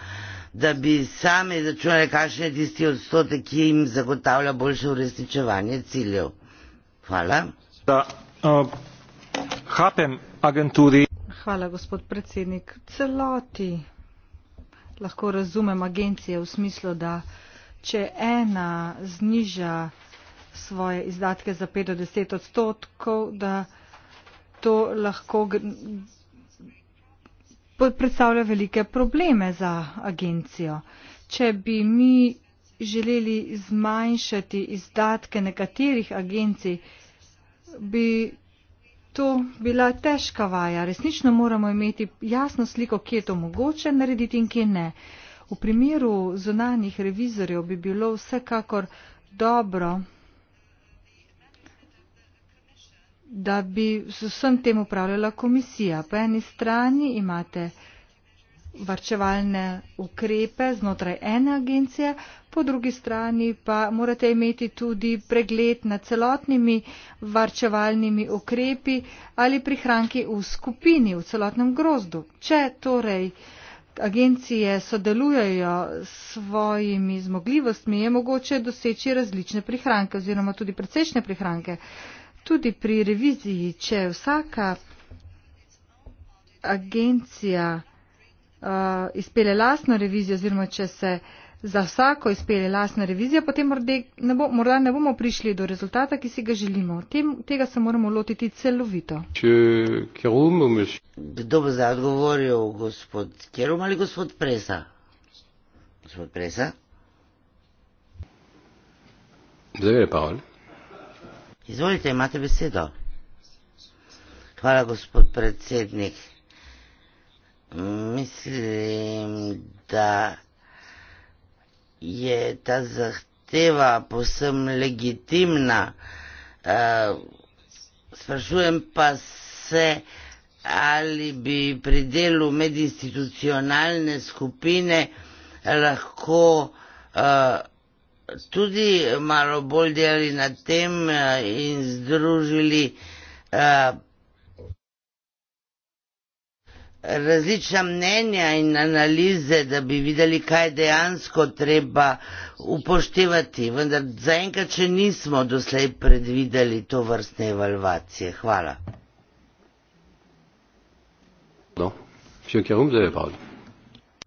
da bi sami začunali, kakšen je tisti odstotek, ki jim zagotavlja boljše uresničevanje ciljev. Hvala. Da, uh, hapem agenturi. Hvala, gospod predsednik. Celoti lahko razumem agencije v smislu, da če ena zniža svoje izdatke za 5 do 10 odstotkov, da to lahko predstavlja velike probleme za agencijo. Če bi mi želeli zmanjšati izdatke nekaterih agencij, bi to bila težka vaja. Resnično moramo imeti jasno sliko, kje je to mogoče narediti in kje ne. V primeru zunanjih revizorjev bi bilo vsekakor dobro da bi z vsem tem upravljala komisija. Po eni strani imate varčevalne ukrepe znotraj ene agencije, po drugi strani pa morate imeti tudi pregled nad celotnimi varčevalnimi ukrepi ali prihranki v skupini, v celotnem grozdu. Če torej agencije sodelujejo s svojimi zmogljivostmi, je mogoče doseči različne prihranke oziroma tudi precejšnje prihranke. Tudi pri reviziji, če vsaka agencija uh, izpele lastno revizijo oziroma če se za vsako izpele lastna revizija, potem ne bo, morda ne bomo prišli do rezultata, ki si ga želimo. Tem, tega se moramo lotiti celovito. Kdo bo zadovoljil, gospod Kerum ali gospod Presa? Gospod Presa? Zdaj je Pavel. Izvolite, imate besedo. Hvala, gospod predsednik. Mislim, da je ta zahteva posem legitimna. Eh, sprašujem pa se, ali bi pri delu medinstitucionalne skupine lahko eh, tudi malo bolj delali nad tem eh, in združili eh, različna mnenja in analize, da bi videli, kaj dejansko treba upoštevati. Vendar zaenkrat še nismo doslej predvideli to vrstne evalvacije. Hvala. No.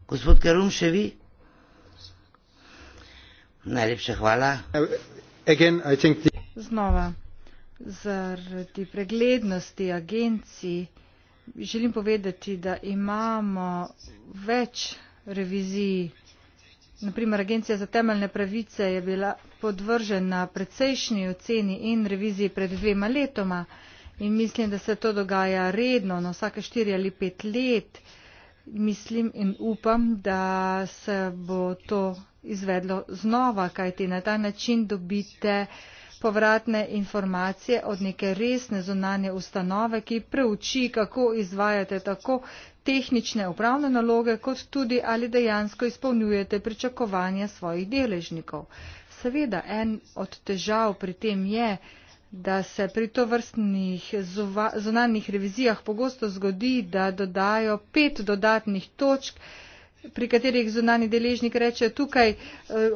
Gospod Karum, še vi? Znova, zaradi preglednosti agencij želim povedati, da imamo več revizij. Naprimer, Agencija za temeljne pravice je bila podvržena precejšnji oceni in reviziji pred dvema letoma in mislim, da se to dogaja redno, na no, vsake štiri ali pet let. Mislim in upam, da se bo to izvedlo znova, kajti na ta način dobite povratne informacije od neke resne zunanje ustanove, ki preuči, kako izvajate tako tehnične upravne naloge, kot tudi ali dejansko izpolnjujete pričakovanja svojih deležnikov. Seveda, en od težav pri tem je, da se pri tovrstnih zunanjih revizijah pogosto zgodi, da dodajo pet dodatnih točk, pri katerih zunani deležnik reče, tukaj eh,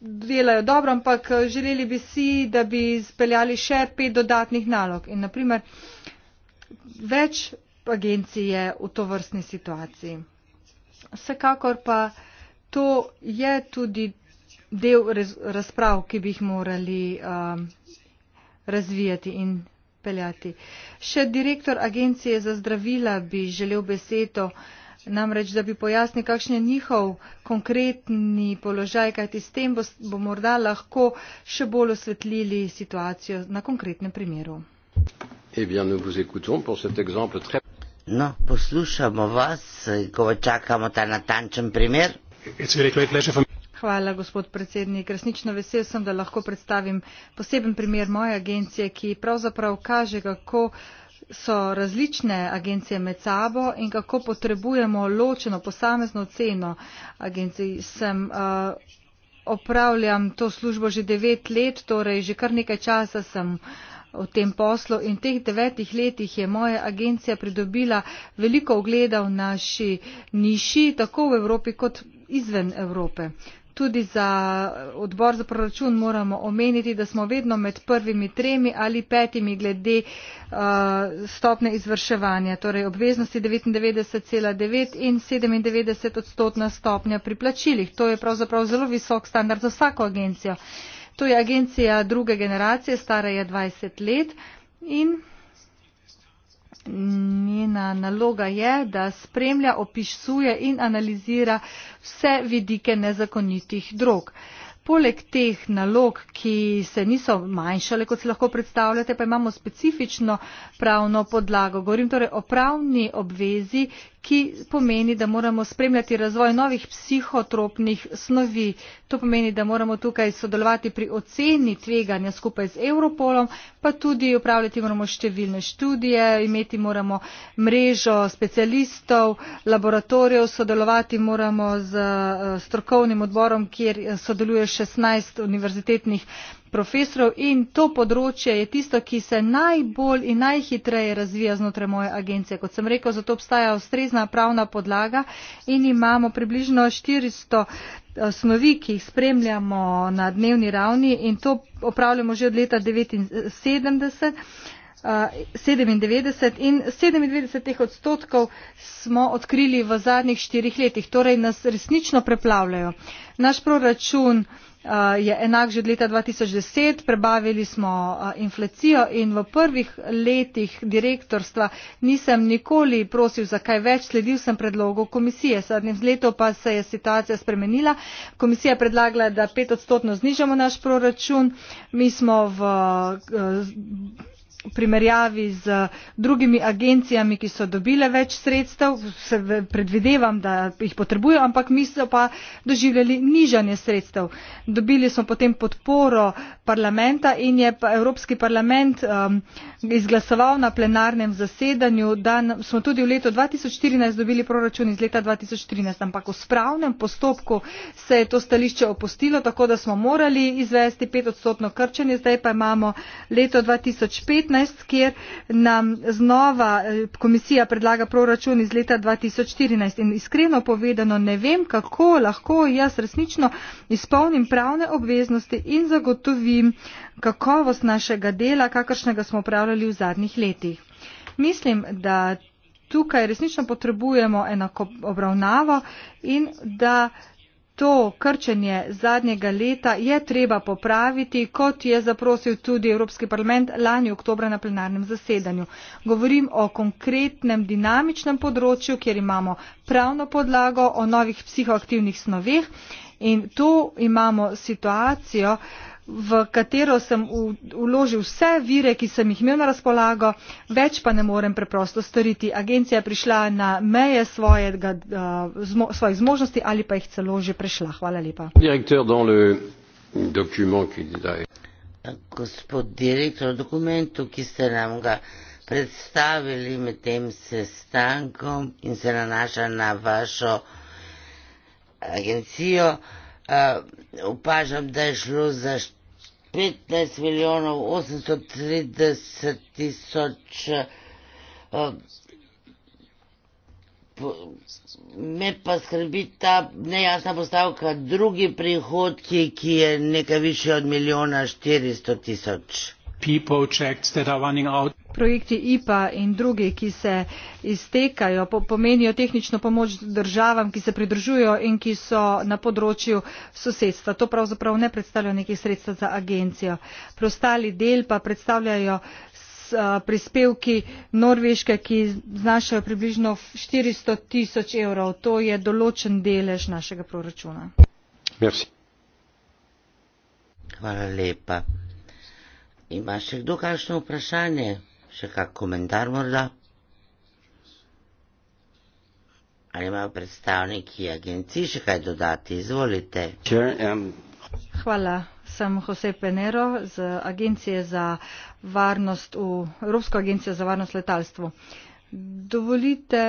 delajo dobro, ampak eh, želeli bi si, da bi speljali še pet dodatnih nalog. In naprimer, več agencij je v to vrstni situaciji. Vsekakor pa to je tudi del razprav, ki bi jih morali um, razvijati in peljati. Še direktor agencije za zdravila bi želel besedo. Uh, Namreč, da bi pojasnil, kakšen je njihov konkretni položaj, kajti s tem bo, bo morda lahko še bolj osvetlili situacijo na konkretnem primeru. Eh no, poslušamo vas, ko čakamo ta natančen primer. Hvala, gospod predsednik. Resnično vesel sem, da lahko predstavim poseben primer moje agencije, ki pravzaprav kaže, kako so različne agencije med sabo in kako potrebujemo ločeno posamezno ceno agencij. Sem uh, opravljam to službo že devet let, torej že kar nekaj časa sem v tem poslu in v teh devetih letih je moja agencija pridobila veliko ogleda v naši niši, tako v Evropi kot izven Evrope tudi za odbor za proračun moramo omeniti, da smo vedno med prvimi tremi ali petimi glede uh, stopne izvrševanja, torej obveznosti 99,9 in 97 odstotna stopnja pri plačilih. To je pravzaprav zelo visok standard za vsako agencijo. To je agencija druge generacije, stara je 20 let in njena naloga je, da spremlja, opisuje in analizira vse vidike nezakonitih drog. Poleg teh nalog, ki se niso manjšale, kot si lahko predstavljate, pa imamo specifično pravno podlago. Govorim torej o pravni obvezi, ki pomeni, da moramo spremljati razvoj novih psihotropnih snovi. To pomeni, da moramo tukaj sodelovati pri oceni tveganja skupaj z Europolom, pa tudi upravljati moramo številne študije, imeti moramo mrežo specialistov, laboratorijev, sodelovati moramo z eh, strokovnim odborom, kjer eh, sodeluje 16 univerzitetnih laboratorijev profesorjev in to področje je tisto, ki se najbolj in najhitreje razvija znotraj moje agencije. Kot sem rekel, zato obstaja ustrezna pravna podlaga in imamo približno 400 eh, snovi, ki jih spremljamo na dnevni ravni in to opravljamo že od leta 1979. 97 eh, in 97 odstotkov smo odkrili v zadnjih štirih letih, torej nas resnično preplavljajo. Naš proračun Eh, je enak že od leta 2010, prebavili smo eh, inflacijo in v prvih letih direktorstva nisem nikoli prosil za kaj več, sledil sem predlogu komisije. Sadnjem letu pa se je situacija spremenila. Komisija je predlagala, da pet odstotno znižamo naš proračun. Mi smo v eh, primerjavi z drugimi agencijami, ki so dobile več sredstev, se predvidevam, da jih potrebujejo, ampak mi so pa doživljali nižanje sredstev. Dobili smo potem podporo parlamenta in je pa Evropski parlament um, izglasoval na plenarnem zasedanju, da smo tudi v letu 2014 dobili proračun iz leta 2013, ampak v spravnem postopku se je to stališče opustilo, tako da smo morali izvesti 5-odstotno krčenje, zdaj pa imamo leto 2015, petnajst kjer nam znova eh, komisija predlaga proračun iz leta dva tisoč štirinajst in iskreno povedano ne vem kako lahko jaz resnično izpolnim pravne obveznosti in zagotovim kakovost našega dela kakršnega smo opravljali v zadnjih letih mislim da tukaj resnično potrebujemo enako obravnavo in da to krčenje zadnjega leta je treba popraviti, kot je zaprosil tudi Evropski parlament lani oktobra na plenarnem zasedanju. Govorim o konkretnem dinamičnem področju, kjer imamo pravno podlago o novih psihoaktivnih snoveh in tu imamo situacijo, v katero sem vložil vse vire, ki sem jih imel na razpolago, več pa ne morem preprosto storiti. Agencija je prišla na meje svojega, eh, zmo, svojih zmožnosti ali pa jih celo že prešla. Hvala lepa. Gospod direktor, v dokumentu, ki ste nam ga predstavili med tem sestankom in se nanaša na vašo eh, agencijo, eh, opažam, da je šlo za 15 milijonov 830 tisoč. Eh, me pa skrbi ta nejasna postavka, drugi prihodki, ki je nekaj više od milijona 400 tisoč projekti ipa in drugi ki se iztekajo po, pomenijo tehnično pomoč državam ki se pridružujejo in ki so na področju sosedstva to pravzaprav ne predstavlja nekih sredstev za agencijo preostali del pa predstavljajo prispevki norveške ki znašajo približno štiristo tisoč evrov to je določen delež našega proračuna Merci. Hvala lepa. Ima še kdo kakšno vprašanje? Še kak komentar morda? Ali imajo predstavniki agenciji še kaj dodati? Izvolite. Um, Hvala. Sem Jose Penero z Agencije za varnost v Evropsko agencijo za varnost letalstvo. Dovolite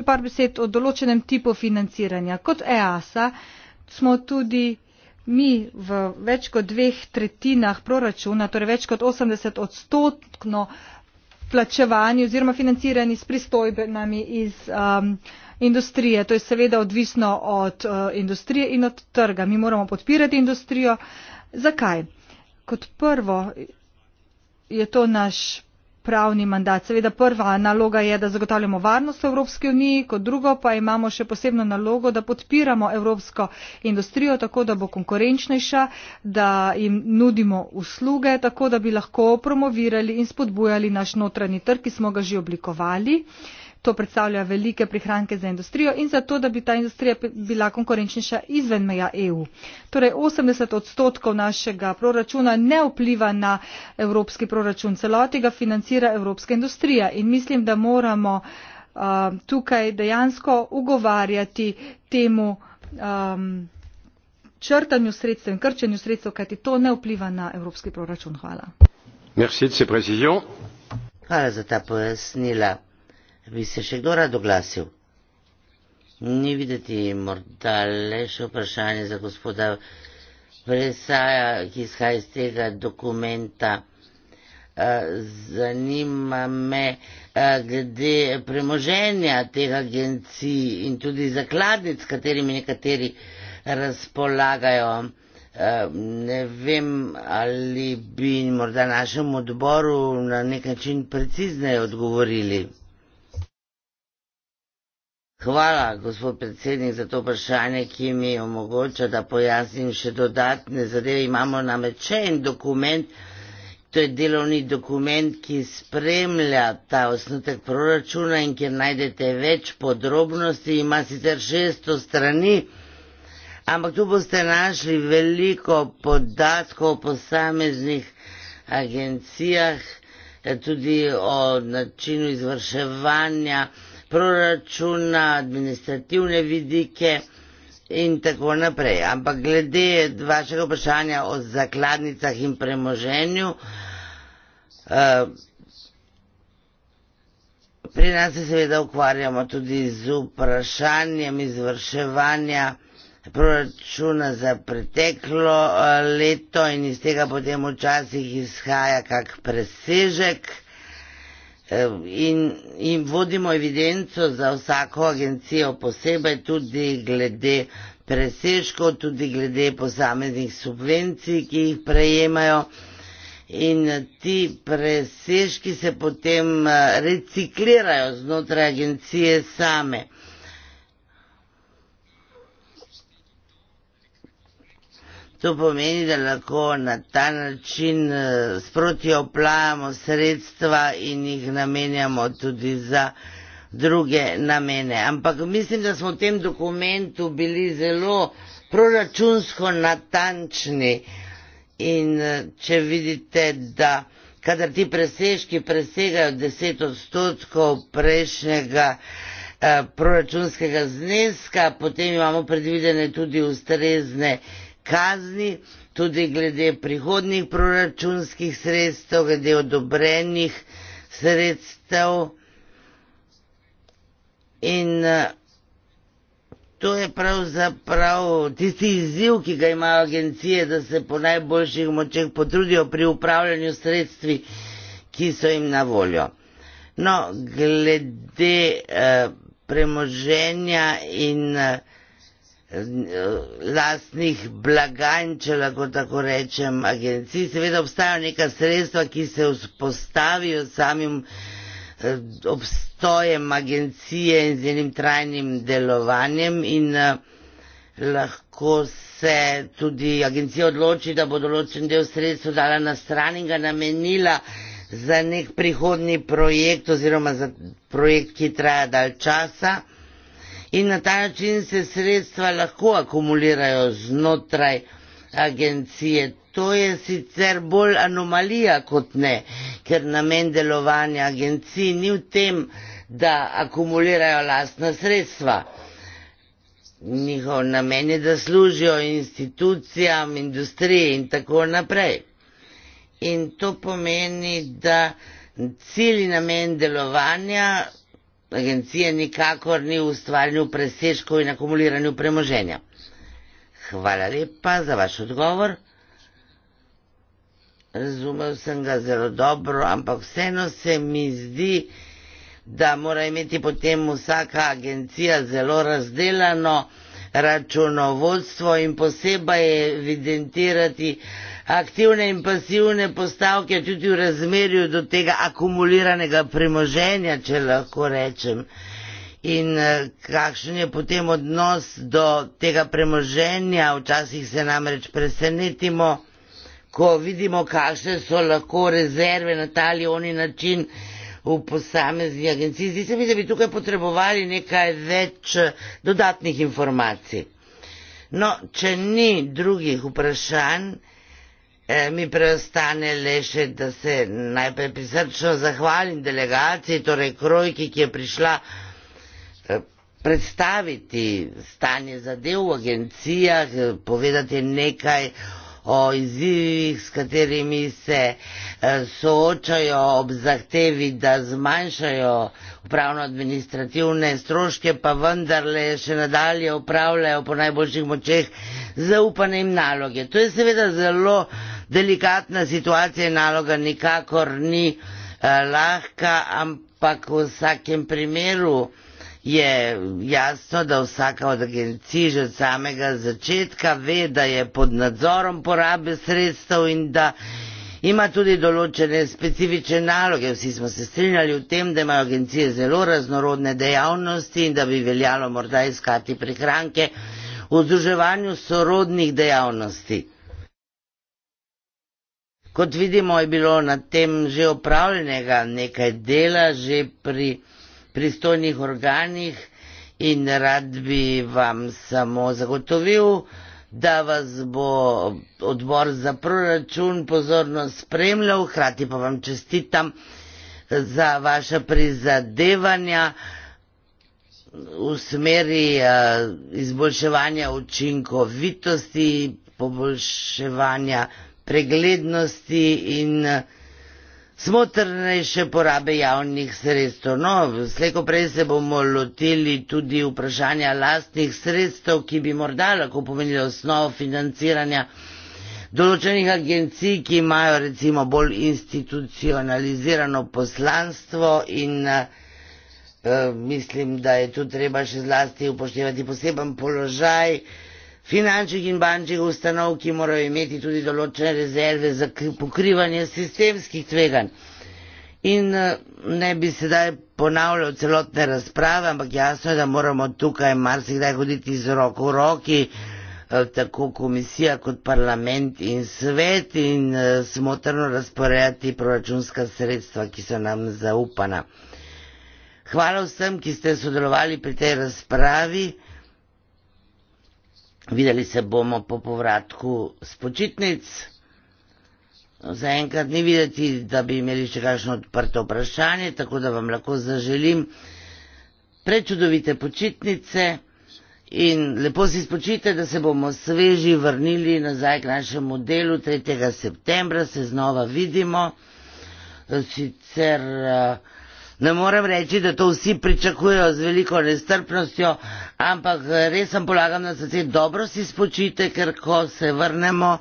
še par besed o določenem tipu financiranja. Kot EASA smo tudi mi v več kot dveh tretjinah proračuna, torej več kot 80 odstotkno plačevanje oziroma financiranje s pristojbenami iz um, industrije. To je seveda odvisno od uh, industrije in od trga. Mi moramo podpirati industrijo. Zakaj? Kot prvo je to naš upravni mandat. Seveda prva naloga je, da zagotavljamo varnost v Evropski uniji, kot drugo pa imamo še posebno nalogo, da podpiramo evropsko industrijo tako, da bo konkurenčnejša, da jim nudimo usluge, tako da bi lahko promovirali in spodbujali naš notranji trg, ki smo ga že oblikovali. To predstavlja velike prihranke za industrijo in za to, da bi ta industrija bila konkurenčnejša izven meja EU. Torej 80 odstotkov našega proračuna ne vpliva na evropski proračun celoti, ga financira evropska industrija in mislim, da moramo uh, tukaj dejansko ugovarjati temu um, črtanju sredstev in krčenju sredstev, kajti to ne vpliva na evropski proračun. Hvala. Hvala za ta pojasnila. Bi se še kdo rad oglasil? Ni videti morda le še vprašanje za gospoda Vresaja, ki izhaja iz tega dokumenta. Eh, zanima me eh, glede premoženja teh agencij in tudi zakladnic, katerimi nekateri razpolagajo. Eh, ne vem, ali bi morda našemu odboru na nek način precizneje odgovorili. Hvala, gospod predsednik, za to vprašanje, ki mi omogoča, da pojasnim še dodatne zadeve. Imamo namreč še en dokument, to je delovni dokument, ki spremlja ta osnutek proračuna in kjer najdete več podrobnosti, ima sicer 600 strani, ampak tu boste našli veliko podatkov o posameznih agencijah, tudi o načinu izvrševanja, proračuna, administrativne vidike in tako naprej. Ampak glede vašega vprašanja o zakladnicah in premoženju, eh, pri nas se seveda ukvarjamo tudi z vprašanjem izvrševanja proračuna za preteklo eh, leto in iz tega potem včasih izhaja kak presežek. Ehm, in, in vodimo evidenco za vsako agencijo posebej, tudi glede presežkov, tudi glede posameznih subvencij, ki jih prejemajo. In ti presežki se potem eh, reciklirajo znotraj agencije same. To pomeni, da lahko na ta način eh, sproti oplajamo sredstva in jih namenjamo tudi za druge namene. Ampak mislim, da smo v tem dokumentu bili zelo proračunsko natančni in eh, če vidite, da kadar ti presežki presegajo 10 odstotkov prejšnjega eh, proračunskega zneska, potem imamo predvidene tudi ustrezne kazni, tudi glede prihodnih proračunskih sredstev, glede odobrenih sredstev. In eh, to je pravzaprav tisti izziv, ki ga imajo agencije, da se po najboljših močeh potrudijo pri upravljanju sredstvi, ki so jim na voljo. No, glede eh, premoženja in eh, Eh, lastnih blagajn, če lahko tako rečem, agencij. Seveda obstajajo neka sredstva, ki se vzpostavijo samim eh, obstojem agencije in z njenim trajnim delovanjem in eh, lahko se tudi agencija odloči, da bo določen del sredstva dala na stran in ga namenila za nek prihodni projekt oziroma za projekt, ki traja dal časa in na ta način se sredstva lahko akumulirajo znotraj agencije. To je sicer bolj anomalija kot ne, ker namen delovanja agencij ni v tem, da akumulirajo lastna sredstva. Njihov namen je, da služijo institucijam, industriji in tako naprej. In to pomeni, da cilj in namen delovanja agencije nikakor ni u stvaranju presečkov i nakumuliranju premoženja. Hvala lepa za vaš odgovor. Razumeo sam ga zelo dobro, ampak vseeno se mi zdi da mora imeti potem vsaka agencija zelo razdelano računovodstvo in posebej evidentirati aktivne in pasivne postavke tudi v razmerju do tega akumuliranega premoženja, če lahko rečem. In eh, kakšen je potem odnos do tega premoženja, včasih se namreč presenetimo, ko vidimo, kakšne so lahko rezerve na ta ali oni način v posamezni agenciji. Zdi se mi, da bi tukaj potrebovali nekaj več eh, dodatnih informacij. No, če ni drugih vprašanj, E, mi preostane le še, da se najprej prisrčno zahvalim delegaciji, torej Krojki, ki je prišla e, predstaviti stanje zadev v agencijah, povedati nekaj o izzivih, s katerimi se e, soočajo ob zahtevi, da zmanjšajo upravno-administrativne stroške, pa vendarle še nadalje upravljajo po najboljših močeh zaupane im naloge. To je seveda zelo delikatna situacija in naloga nikakor ni eh, lahka, ampak v vsakem primeru je jasno, da vsaka od agencij že od samega začetka ve, da je pod nadzorom porabe sredstev in da ima tudi določene specifične naloge. Vsi smo se strinjali v tem, da imajo agencije zelo raznorodne dejavnosti in da bi veljalo morda iskati prihranke v združevanju sorodnih dejavnosti. Kot vidimo, je bilo na tem že opravljenega nekaj dela, že pri pristojnih organih in rad bi vam samo zagotovil, da vas bo odbor za proračun pozorno spremljal, hkrati pa vam čestitam za vaše prizadevanja v smeri eh, izboljševanja učinkovitosti, poboljševanja preglednosti in eh, smotrnejše porabe javnih sredstev. No, slejko prej se bomo lotili tudi vprašanja lastnih sredstev, ki bi morda lahko pomenili osnovo financiranja določenih agencij, ki imajo recimo bolj institucionalizirano poslanstvo in uh, mislim, da je tu treba še zlasti upoštevati poseben položaj uh, finančnih in bančnih ustanov, ki morajo imeti tudi določene rezerve za pokrivanje sistemskih tveganj. In eh, ne bi sedaj ponavljal celotne razprave, ampak jasno je, da moramo tukaj marsikdaj hoditi z roko v roki, eh, tako komisija kot parlament in svet in eh, smotrno razporejati proračunska sredstva, ki so nam zaupana. Hvala vsem, ki ste sodelovali pri tej razpravi. Videli se bomo po povratku s počitnic. Zaenkrat ni videti, da bi imeli še kakšno odprto vprašanje, tako da vam lahko zaželim prečudovite počitnice in lepo si spočite, da se bomo sveži vrnili nazaj k našemu delu 3. septembra, se znova vidimo. Sicer uh, ne morem reči, da to vsi pričakujejo z veliko nestrpnostjo, ampak eh, res sem polagam na srce, dobro si spočite, ker ko se vrnemo,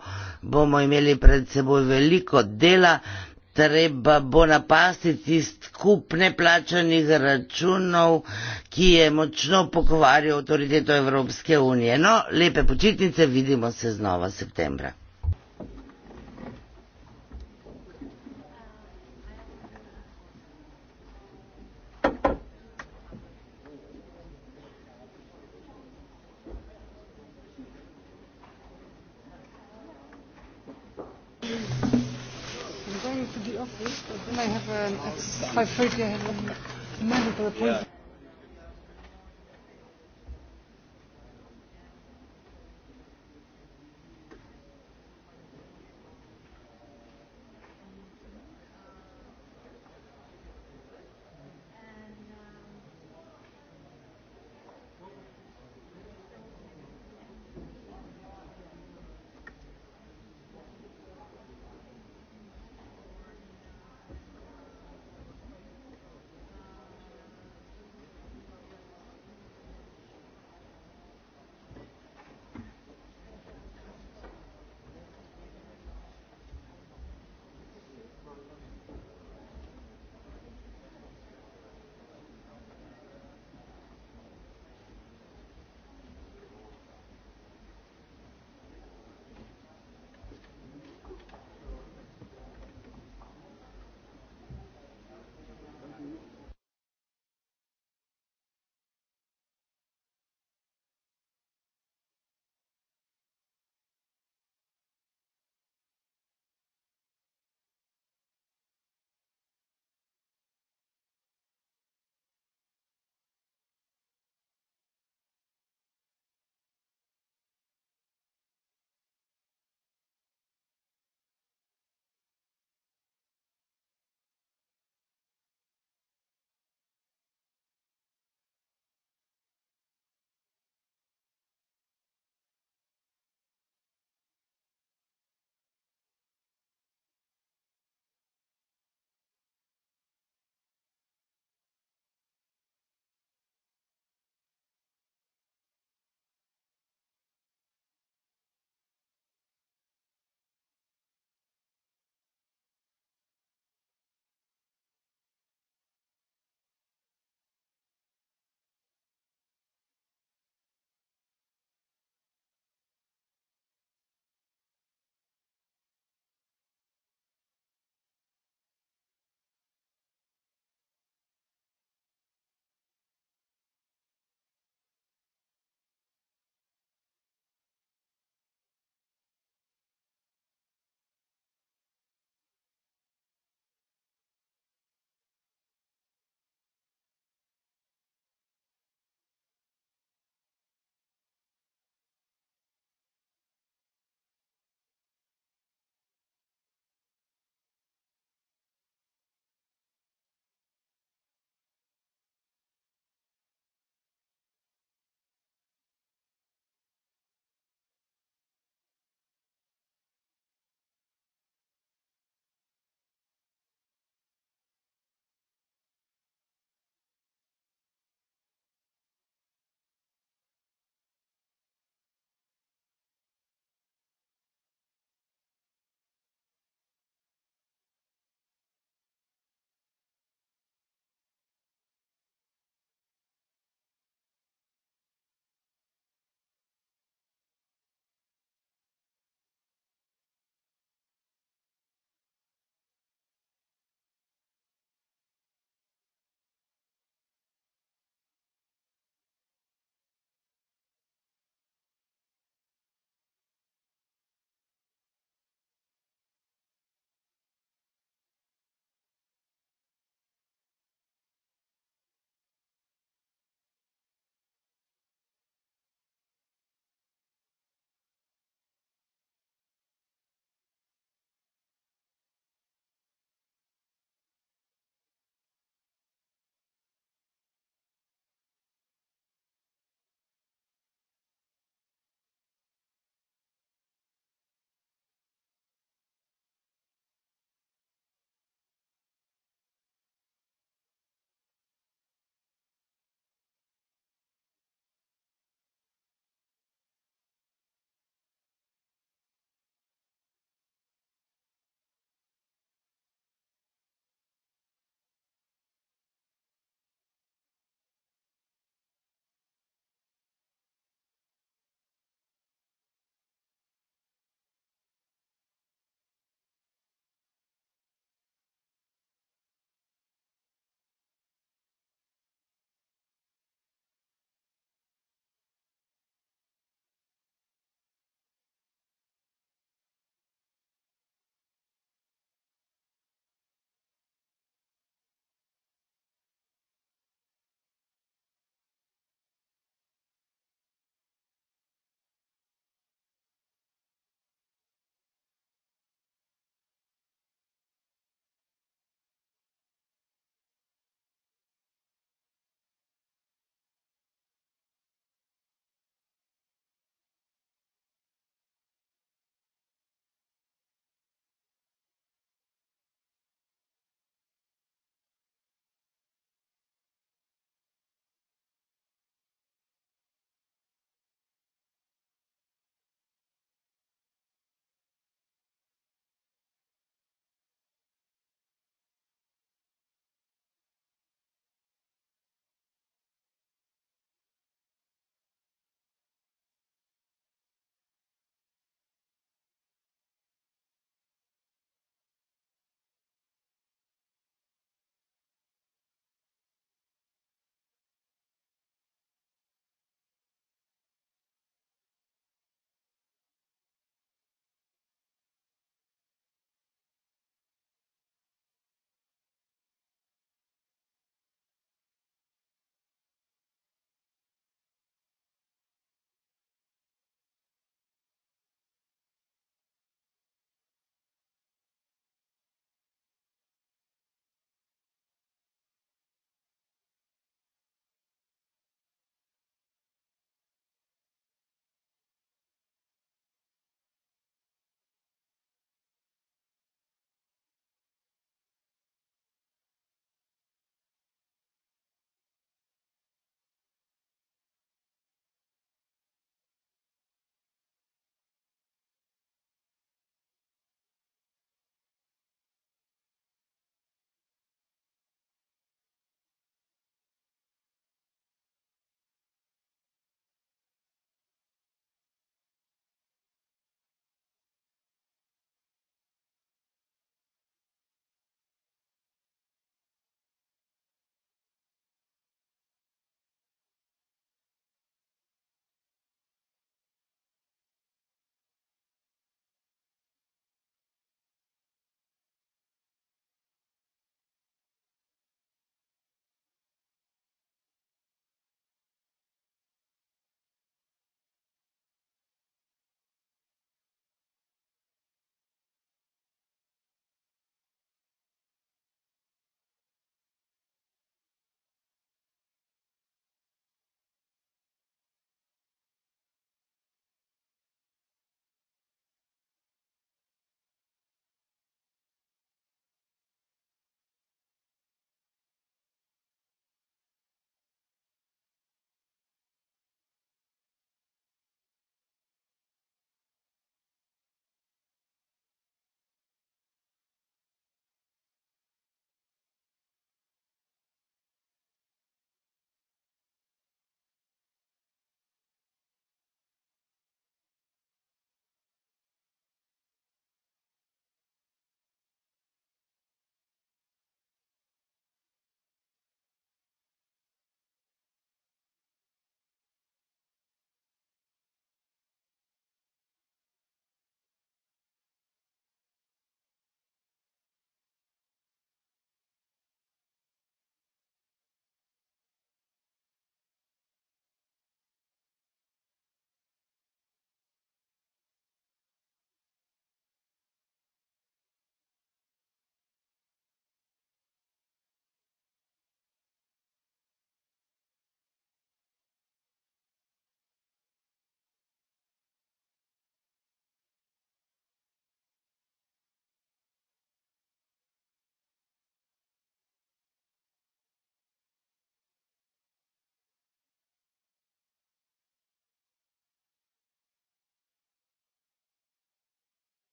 bomo imeli pred seboj veliko dela, treba bo napasti tist kup neplačanih računov, ki je močno pokvaril avtoriteto Evropske unije. No, lepe počitnice, vidimo se znova septembra. Um, may have a, a, by fruit you have a medical appointment. Yeah.